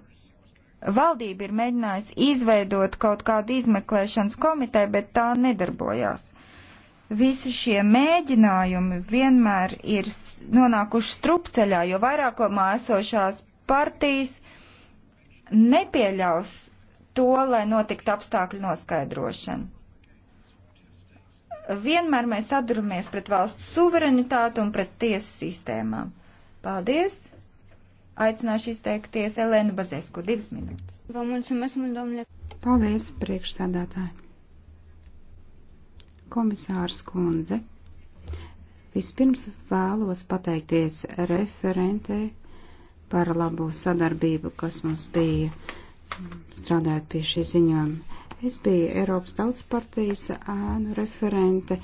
Valdība ir mēģinājusi izveidot kaut kādu izmeklēšanas komiteju, bet tā nedarbojās visi šie mēģinājumi vienmēr ir nonākuši strupceļā, jo vairākumā esošās partijas nepieļaus to, lai notiktu apstākļu noskaidrošana. Vienmēr mēs atduramies pret valsts suverenitātu un pret tiesu sistēmām. Paldies! Aicināšu izteikties Elēnu Bazesku divas minūtes. Paldies, priekšsādātāji! Komisārs Kunze, vispirms vēlos pateikties referentē par labo sadarbību, kas mums bija strādājot pie šī ziņojuma. Es biju Eiropas Tautas partijas ēnu referente,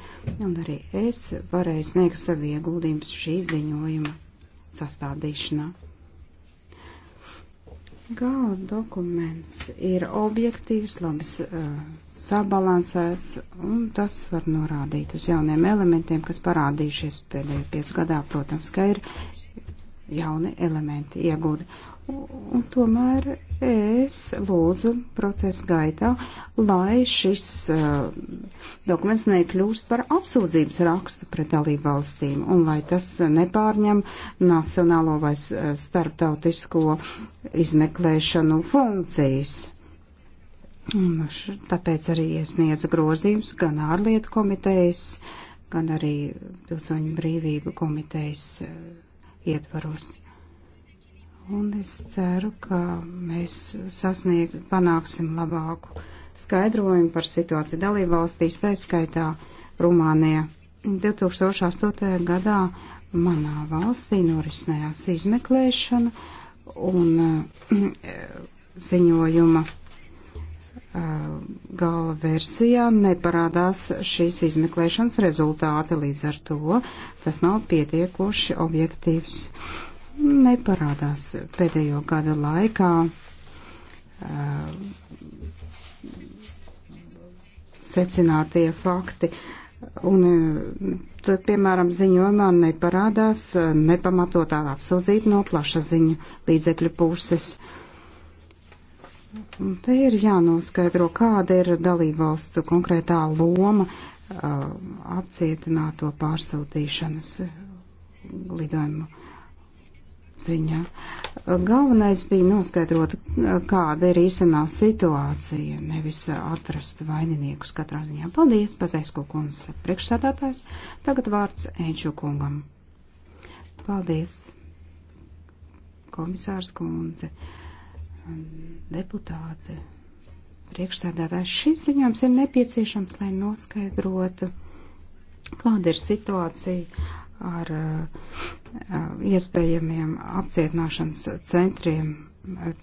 un arī es varēju sniegt savu ieguldījumu šī ziņojuma sastādīšanā. Gala dokuments ir objektīvs, labi eh, sabalansēts, un tas var norādīt uz jauniem elementiem, kas parādījušies pēdējo piecu gadā. Protams, ka ir jauni elementi iegūti. Un, un tomēr es lūdzu procesa gaitā, lai šis uh, dokuments nekļūst par apsūdzības rakstu pret dalību valstīm un lai tas nepārņem nacionālo vai uh, starptautisko izmeklēšanu funkcijas. Un tāpēc arī iesniedzu grozījums gan ārlietu komitejas, gan arī pilsoņu brīvību komitejas uh, ietvaros. Un es ceru, ka mēs sasnieg, panāksim labāku skaidrojumu par situāciju dalībvalstīs, tā skaitā Rumānijā. 2008. gadā manā valstī norisinājās izmeklēšana un eh, ziņojuma eh, gala versijā neparādās šīs izmeklēšanas rezultāti, līdz ar to tas nav pietiekoši objektīvs. Uh, neparādās pēdējo gada laikā. Eh, secinātie fakti. Un eh, tad, piemēram, ziņojumā neparādās eh, nepamatotā apsūdzība no plaša ziņa līdzekļu puses. Un te ir jānoskaidro, kāda ir dalībvalstu konkrētā loma apcietināto pārsūtīšanas lidojumu ziņā. Galvenais bija noskaidrot, kāda ir īstenā situācija, nevis atrast vaininiekus katrā ziņā. Paldies, Pazaisko kungs, priekšsādātājs. Tagad vārds Enču kungam. Paldies, komisārs kundze, deputāte, priekšsādātājs. Šis ziņojums ir nepieciešams, lai noskaidrotu, kāda ir situācija ar eh, iespējamiem apcietināšanas centriem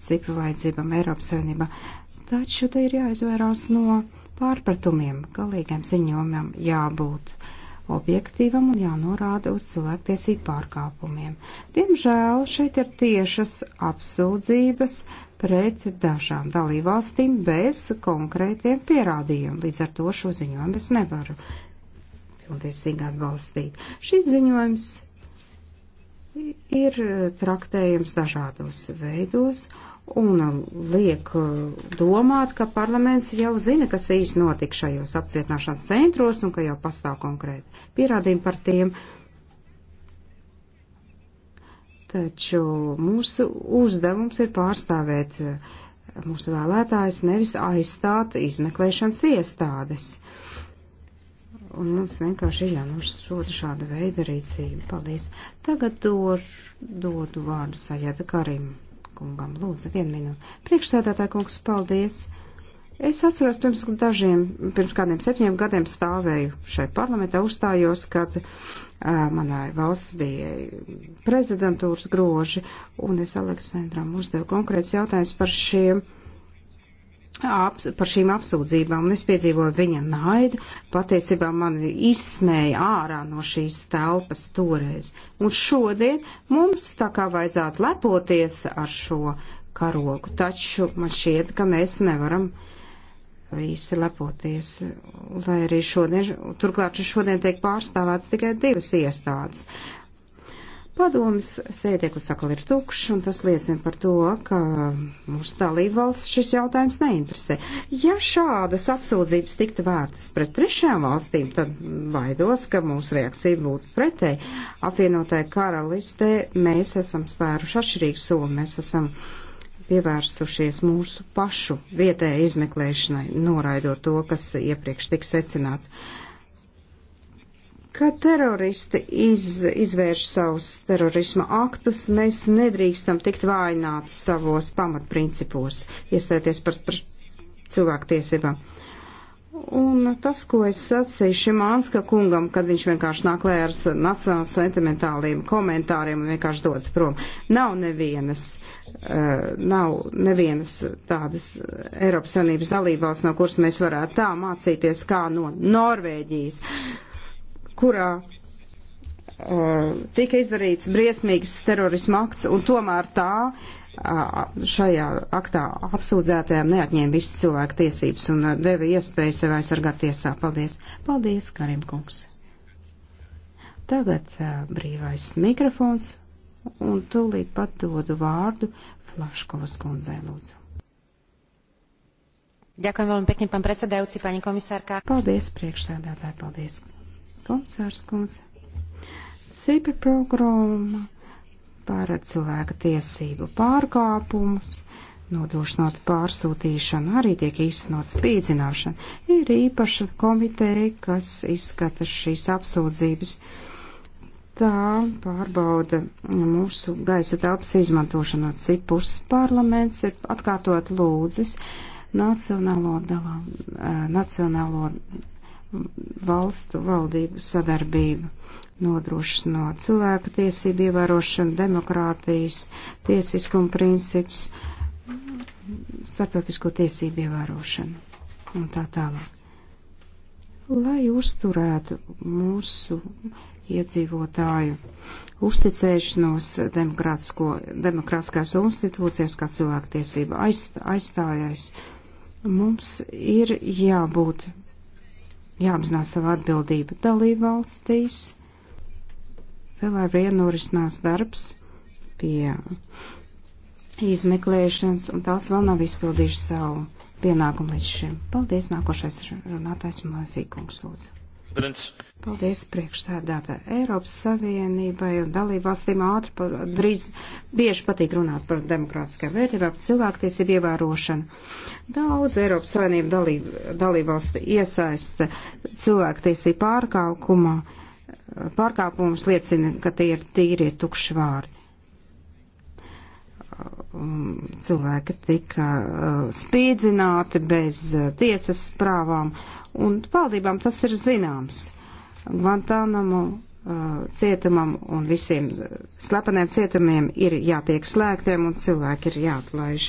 cipu vajadzībām Eiropas Savienībā. Taču te ir jāizvērās no pārpratumiem, galīgiem ziņojumam jābūt objektīvam un jānorāda uz cilvēktiesību pārkāpumiem. Diemžēl šeit ir tiešas apsūdzības pret dažām dalībvalstīm bez konkrētiem pierādījumiem. Līdz ar to šo ziņojumu es nevaru pilntiesīgi atbalstīt. Šis ziņojums ir traktējams dažādos veidos un liek domāt, ka parlaments jau zina, kas īsti notika šajos apcietināšanas centros un ka jau pastāv konkrēti pierādījumi par tiem. Taču mūsu uzdevums ir pārstāvēt mūsu vēlētājs, nevis aizstāt izmeklēšanas iestādes. Un mums vienkārši ir jānosoda šāda veida rīcība. Paldies. Tagad dor, dodu vārdu Sajēta Karim kungam. Lūdzu, vienu minūti. Priekšsēdētāji kungs, paldies. Es atceros pirms dažiem, pirms kādiem septiņiem gadiem stāvēju šeit parlamentā, uzstājos, kad uh, manai valsts bija prezidentūras groži, un es Aleksandram uzdevu konkrēts jautājums par šiem. Uh, aps, par šīm apsūdzībām, un es piedzīvoju viņa naidu. Patiesībā mani izsmēja ārā no šīs telpas toreiz. Un šodien mums tā kā vajadzētu lepoties ar šo karogu, taču man šķiet, ka mēs nevaram īsti lepoties, lai arī šodien, turklāt šodien tiek pārstāvēts tikai divas iestādes. Padomas sēdeklis atkal ir tukšs, un tas liecina par to, ka mūsu dalībvalsts šis jautājums neinteresē. Ja šādas apsūdzības tiktu vērtas pret trešajām valstīm, tad baidos, ka mūsu reakcija būtu pretēji. Apvienotāja karalistē mēs esam spēruši atšķirīgu soli, mēs esam pievērsušies mūsu pašu vietējai izmeklēšanai, noraidot to, kas iepriekš tika secināts. Uh, Kad teroristi iz, izvērš savus terorisma aktus, mēs nedrīkstam tikt vājināti savos pamatprincipos, iestāties par, par cilvēktiesībām. Un tas, ko es sacīju Šimānska kungam, kad viņš vienkārši nāk lē ar nacionāli sentimentāliem komentāriem un vienkārši dodas prom, nav nevienas, uh, nav nevienas tādas Eiropas Savienības dalībvalsts, no kuras mēs varētu tā mācīties kā no Norvēģijas. Uh, kurā uh, tika izdarīts briesmīgs terorisma akts, un tomēr tā uh, šajā aktā apsūdzētajām neatņēma visas cilvēku tiesības un uh, deva iespēju sev aizsargāt tiesā. Paldies! Paldies, Karim kungs! Tagad brīvais mikrofons, un tūlīt pat dodu vārdu Flaškovas kundzei, lūdzu. Ďakujem veľmi pekne, pán predsedajúci, pani komisárka. Paldies, priekšsēdētāji, paldies, Komisārs kundze. CIPI programma par cilvēka tiesību pārkāpumus, nodrošināt pārsūtīšanu, arī tiek īstenot spīdzināšana. Ir īpaša komiteja, kas izskata šīs apsūdzības. Tā pārbauda mūsu gaisa telpas izmantošanu no cipus. Parlaments ir atkārtot lūdzis nacionālo, dalā, eh, nacionālo valstu valdību sadarbību, nodrošinot cilvēku tiesību ievērošanu, demokrātijas, tiesiskuma princips, starptautisko tiesību ievērošanu un tā tālāk. Lai uzturētu mūsu iedzīvotāju uzticēšanos demokrātiskās institūcijās kā cilvēktiesība aizstājais, mums ir jābūt jāapzinās savu atbildību dalību valstīs. Vēl arvien norisinās darbs pie izmeklēšanas, un tās vēl nav izpildījušas savu pienākumu līdz šim. Paldies, nākošais runātājs Mafī Kungs, lūdzu. Paldies priekšsēdētāji. Eiropas Savienībai un dalībvalstīm ātri pa, drīz bieži patīk runāt par demokrātiskajām vērtībām, par cilvēktiesību ievērošanu. Daudz Eiropas Savienību dalīb, dalībvalsti iesaista cilvēktiesību pārkāpumā. Pārkāpums liecina, ka tie ir tīri tukši vārdi cilvēki tika uh, spīdzināti bez uh, tiesas sprāvām, un valdībām tas ir zināms. Guantānamo uh, cietumam un visiem uh, slepeniem cietumiem ir jātiek slēgtiem un cilvēki ir jāatlaiž.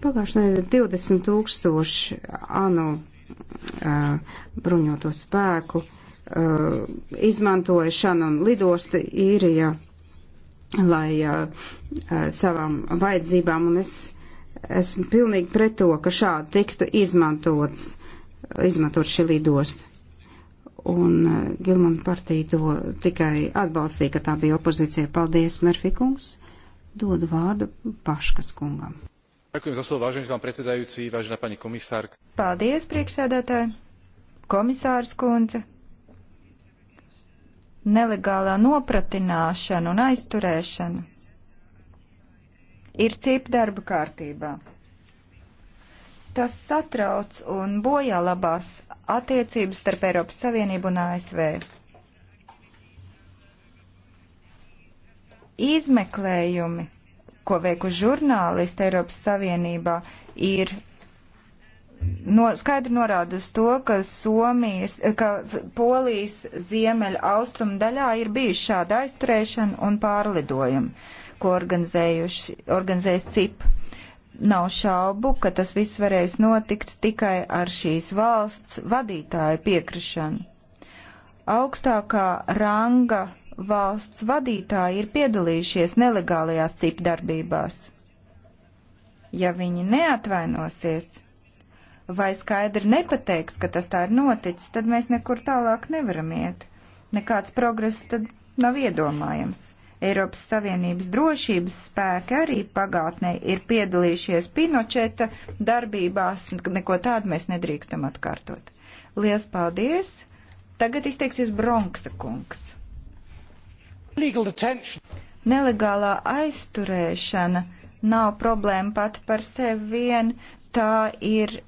Pagājušajā nedēļā 20 tūkstoši ANO uh, bruņoto spēku uh, izmantoja Šanonu lidosti īrija, lai uh, uh, savām vajadzībām, un es Esmu pilnīgi pret to, ka šādi tiktu izmantots, izmantot šī lidosta. Un eh, Gilman partija to tikai atbalstīja, ka tā bija opozīcija. Paldies, Merfikungs. Dodu vārdu Paškas kungam. Paldies, priekšsēdētāji. Komisārs kundze. Nelegālā nopratināšana un aizturēšana ir cip darba kārtībā. Tas satrauc un bojā labās attiecības starp Eiropas Savienību un ASV. Izmeklējumi, ko veiku žurnālisti Eiropas Savienībā, ir no, skaidri norāda uz to, ka Somijas, ka Polijas ziemeļa austrumu daļā ir bijuši šāda aizturēšana un pārlidojumi ko organizējas CIP. Nav šaubu, ka tas viss varēs notikt tikai ar šīs valsts vadītāju piekrišanu. Augstākā ranga valsts vadītāji ir piedalījušies nelegālajās CIP darbībās. Ja viņi neatvainosies, vai skaidri nepateiks, ka tas tā ir noticis, tad mēs nekur tālāk nevaram iet. Nekāds progress tad nav iedomājams. Eiropas Savienības drošības spēki arī pagātnē ir piedalījušies Pinocheta darbībās. Neko tādu mēs nedrīkstam atkārtot. Lielas paldies! Tagad izteiksies Bronksa kungs. Nelegālā aizturēšana nav problēma pati par sevi vien, tā ir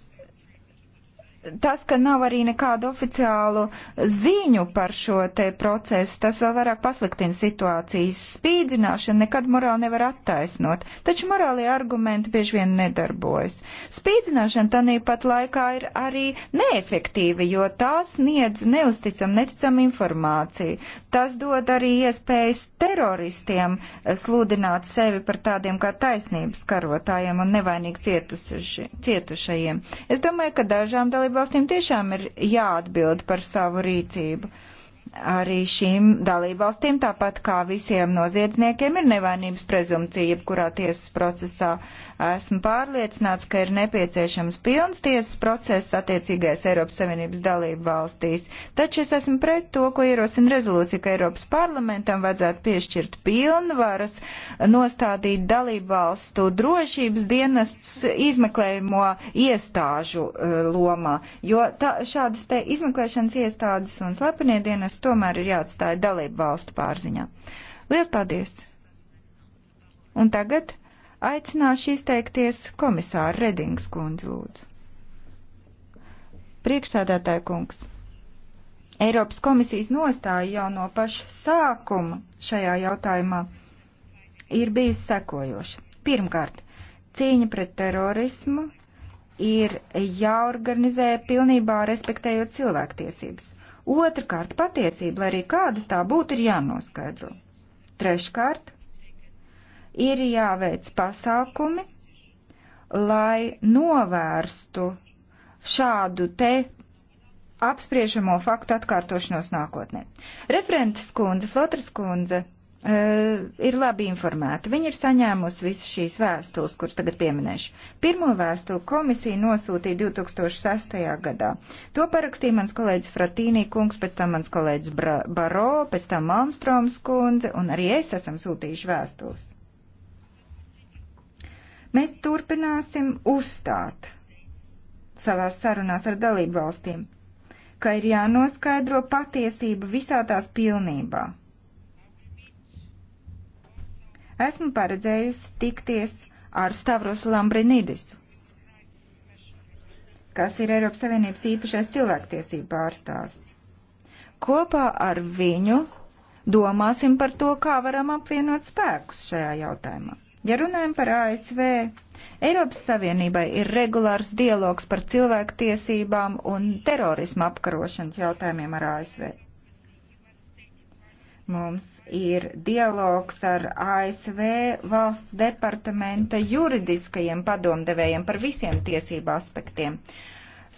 tas, ka nav arī nekādu oficiālu ziņu par šo te procesu, tas vēl vairāk pasliktina situācijas. Spīdzināšana nekad morāli nevar attaisnot, taču morālie argumenti bieži vien nedarbojas. Spīdzināšana tanīpat laikā ir arī neefektīva, jo tās sniedz neusticam, neticam informāciju. Tas dod arī iespējas teroristiem sludināt sevi par tādiem kā taisnības karotājiem un nevainīgi cietuši, cietušajiem. Es domāju, ka dažām dalībām dalībvalstīm tiešām ir jāatbild par savu rīcību arī šīm dalībvalstīm, tāpat kā visiem noziedzniekiem, ir nevainības prezumcija, jebkurā tiesas procesā. Esmu pārliecināts, ka ir nepieciešams pilns tiesas process attiecīgais Eiropas Savienības dalību valstīs. Taču es esmu pret to, ko ierosina rezolūcija, ka Eiropas parlamentam vajadzētu piešķirt pilnvaras, nostādīt dalību valstu drošības dienestus izmeklējumo iestāžu uh, lomā, jo tā, šādas te izmeklēšanas iestādes un slepenie dienas tomēr ir jāatstāja dalību valstu pārziņā. Lielas paldies! Un tagad aicināšu izteikties komisāru Redings kundzi lūdzu. Priekšsēdētāja kungs. Eiropas komisijas nostāja jau no paša sākuma šajā jautājumā ir bijusi sekojoša. Pirmkārt, cīņa pret terorismu ir jāorganizē pilnībā respektējot cilvēktiesības. Otrakārt, patiesība, lai arī kāda tā būtu, ir jānoskaidro. Treškārt, ir jāveic pasākumi, lai novērstu šādu te apspriežamo faktu atkārtošanos nākotnē. Referentes kundze, Flotras kundze Eh, ir labi informēta. Viņa ir saņēmusi visas šīs vēstules, kuras tagad pieminēšu. Pirmo vēstuli komisija nosūtīja 2006. gadā. To parakstīja mans kolēģis Fratīnī kungs, pēc tam mans kolēģis Bra Baro, pēc tam Malmstroms kundze, un arī es esam sūtījuši vēstules. Mēs turpināsim uzstāt savās sarunās ar dalību valstīm, ka ir jānoskaidro patiesība visā tās pilnībā Esmu paredzējusi tikties ar Stavros Lambrinidisu, kas ir Eiropas Savienības īpašais cilvēktiesību pārstāvs. Kopā ar viņu domāsim par to, kā varam apvienot spēkus šajā jautājumā. Ja runājam par ASV, Eiropas Savienībai ir regulārs dialogs par cilvēktiesībām un terorismu apkarošanas jautājumiem ar ASV. Mums ir dialogs ar ASV valsts departamenta juridiskajiem padomdevējiem par visiem tiesību aspektiem.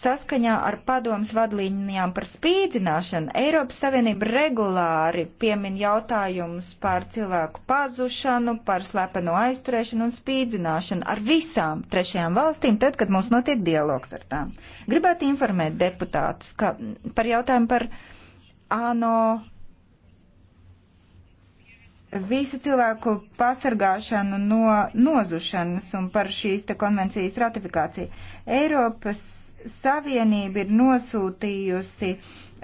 Saskaņā ar padomas vadlīnijām par spīdzināšanu Eiropas Savienība regulāri piemin jautājumus par cilvēku pazušanu, par slepeno aizturēšanu un spīdzināšanu ar visām trešajām valstīm, tad, kad mums notiek dialogs ar tām. Gribētu informēt deputātus ka, par jautājumu par ANO visu cilvēku pasargāšanu no nozušanas un par šīs te konvencijas ratifikāciju. Eiropas Savienība ir nosūtījusi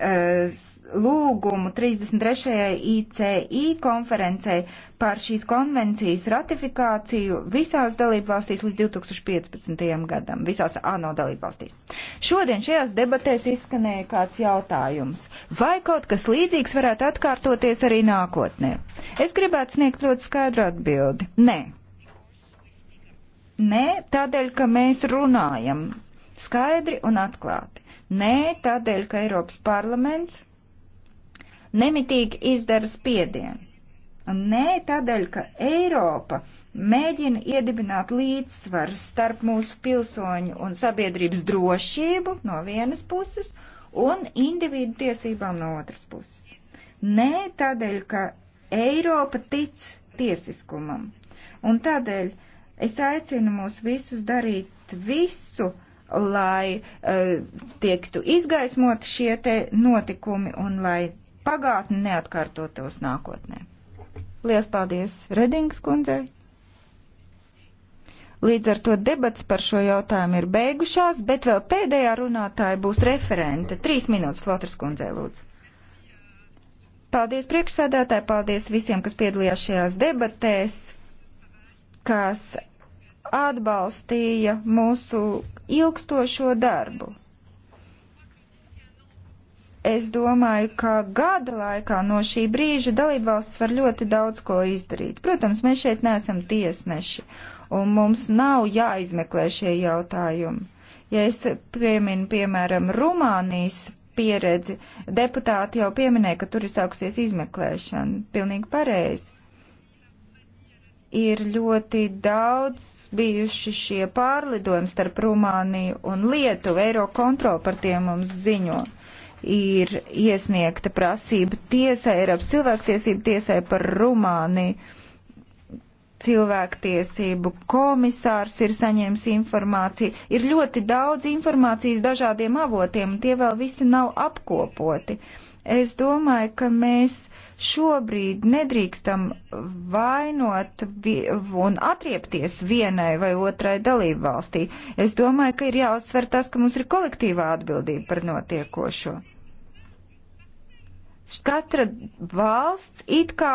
uh, lūgumu 33. ICI konferencē par šīs konvencijas ratifikāciju visās dalībvalstīs līdz 2015. gadam, visās ANO dalībvalstīs. Šodien šajās debatēs izskanēja kāds jautājums, vai kaut kas līdzīgs varētu atkārtoties arī nākotnē. Es gribētu sniegt ļoti skaidru atbildi. Nē. Nē, tādēļ, ka mēs runājam Skaidri un atklāti. Nē, tādēļ, ka Eiropas parlaments nemitīgi izdara spiedienu. Un nē, tādēļ, ka Eiropa mēģina iedibināt līdzsvaru starp mūsu pilsoņu un sabiedrības drošību no vienas puses un individu tiesībām no otras puses. Nē, tādēļ, ka Eiropa tic tiesiskumam. Un tādēļ es aicinu mūs visus darīt visu, lai uh, tiektu izgaismot šie te notikumi un lai pagātni neatkārtotos nākotnē. Lielas paldies Redings kundzei! Līdz ar to debats par šo jautājumu ir beigušās, bet vēl pēdējā runātāja būs referente. Trīs minūtes Flotras kundzei lūdzu. Paldies priekšsēdētāji, paldies visiem, kas piedalījās šajās debatēs, kas atbalstīja mūsu ilgstošo darbu. Es domāju, ka gada laikā no šī brīža dalībvalsts var ļoti daudz ko izdarīt. Protams, mēs šeit neesam tiesneši, un mums nav jāizmeklē šie jautājumi. Ja es pieminu, piemēram, Rumānijas pieredzi, deputāti jau pieminēja, ka tur ir sākusies izmeklēšana. Pilnīgi pareizi ir ļoti daudz bijuši šie pārlidojumi starp Rumāniju un Lietuvu. Eiro kontroli par tiem mums ziņo. Ir iesniegta prasība tiesai, Eiropas cilvēktiesību tiesai par Rumāniju. Cilvēktiesību komisārs ir saņēmis informāciju. Ir ļoti daudz informācijas dažādiem avotiem, un tie vēl visi nav apkopoti. Es domāju, ka mēs Šobrīd nedrīkstam vainot un atriepties vienai vai otrai dalību valstī. Es domāju, ka ir jāuzsver tas, ka mums ir kolektīvā atbildība par notiekošo. Katra valsts it kā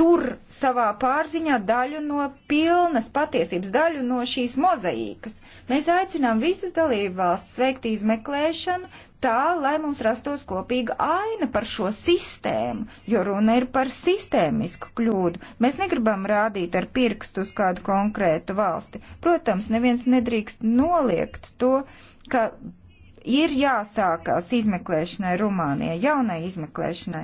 tur savā pārziņā daļu no pilnas patiesības, daļu no šīs mozaīkas. Mēs aicinām visas dalību valsts veikt izmeklēšanu, tā, lai mums rastos kopīga aina par šo sistēmu, jo runa ir par sistēmisku kļūdu. Mēs negribam rādīt ar pirkstu uz kādu konkrētu valsti. Protams, neviens nedrīkst noliegt to, ka ir jāsākās izmeklēšanai Rumānijai, jaunai izmeklēšanai,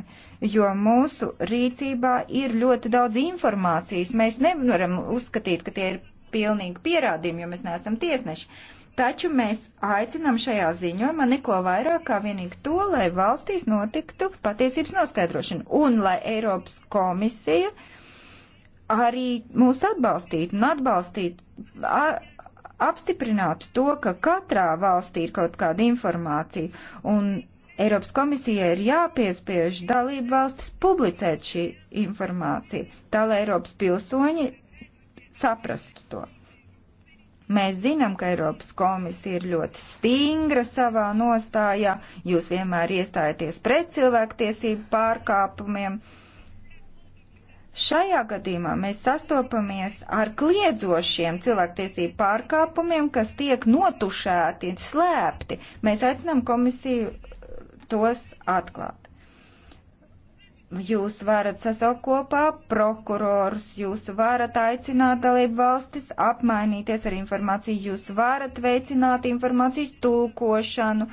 jo mūsu rīcībā ir ļoti daudz informācijas. Mēs nevaram uzskatīt, ka tie ir pilnīgi pierādījumi, jo mēs neesam tiesneši Taču mēs aicinām šajā ziņojumā neko vairāk kā vienīgi to, lai valstīs notiktu patiesības noskaidrošana un lai Eiropas komisija arī mūs atbalstītu un atbalstītu apstiprinātu to, ka katrā valstī ir kaut kāda informācija, un Eiropas komisijai ir jāpiespiež dalību valstis publicēt šī informācija, tā lai Eiropas pilsoņi saprastu to. Mēs zinām, ka Eiropas komisija ir ļoti stingra savā nostājā, jūs vienmēr iestājaties pret cilvēktiesību pārkāpumiem. Šajā gadījumā mēs sastopamies ar kliedzošiem cilvēktiesību pārkāpumiem, kas tiek notušēti, slēpti. Mēs aicinām komisiju tos atklāt. Jūs varat sasaukt kopā prokurorus, jūs varat aicināt dalību valstis, apmainīties ar informāciju, jūs varat veicināt informācijas tulkošanu,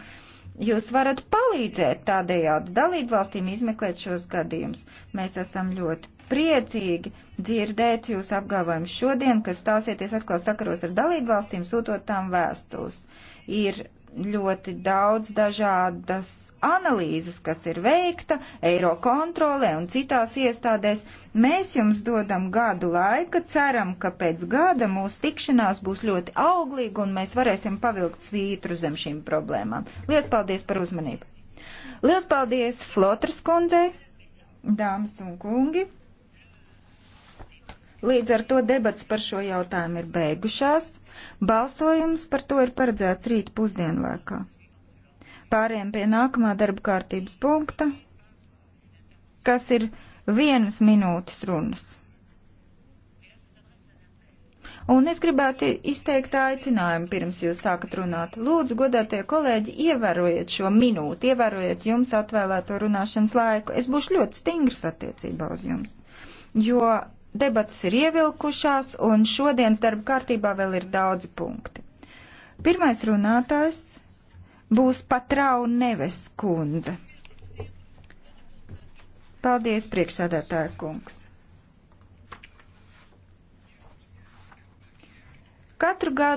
jūs varat palīdzēt tādējādi dalību valstīm izmeklēt šos gadījumus. Mēs esam ļoti priecīgi dzirdēt jūs apgalvojumus šodien, kas stāsieties atkal sakaros ar dalību valstīm, sūtot tām vēstules. Ir ļoti daudz dažādas analīzes, kas ir veikta Eirokontrolē un citās iestādēs. Mēs jums dodam gadu laika, ceram, ka pēc gada mūsu tikšanās būs ļoti auglīga un mēs varēsim pavilkt svītru zem šīm problēmām. Lielas paldies par uzmanību! Lielas paldies Flotras kundzei, dāmas un kungi! Līdz ar to debats par šo jautājumu ir beigušās. Balsojums par to ir paredzēts rīt pusdienlaikā. Pāriem pie nākamā darba kārtības punkta, kas ir vienas minūtes runas. Un es gribētu izteikt aicinājumu pirms jūs sākat runāt. Lūdzu, godātie kolēģi, ievērojiet šo minūti, ievērojiet jums atvēlēto runāšanas laiku. Es būšu ļoti stingrs attiecībā uz jums, jo Debats ir ievilkušās, un šodienas darba kārtībā vēl ir daudzi punkti. Pirmais runātājs būs Patrau Neves kundze. Paldies, priekšsādātāja kungs. Katru gadu.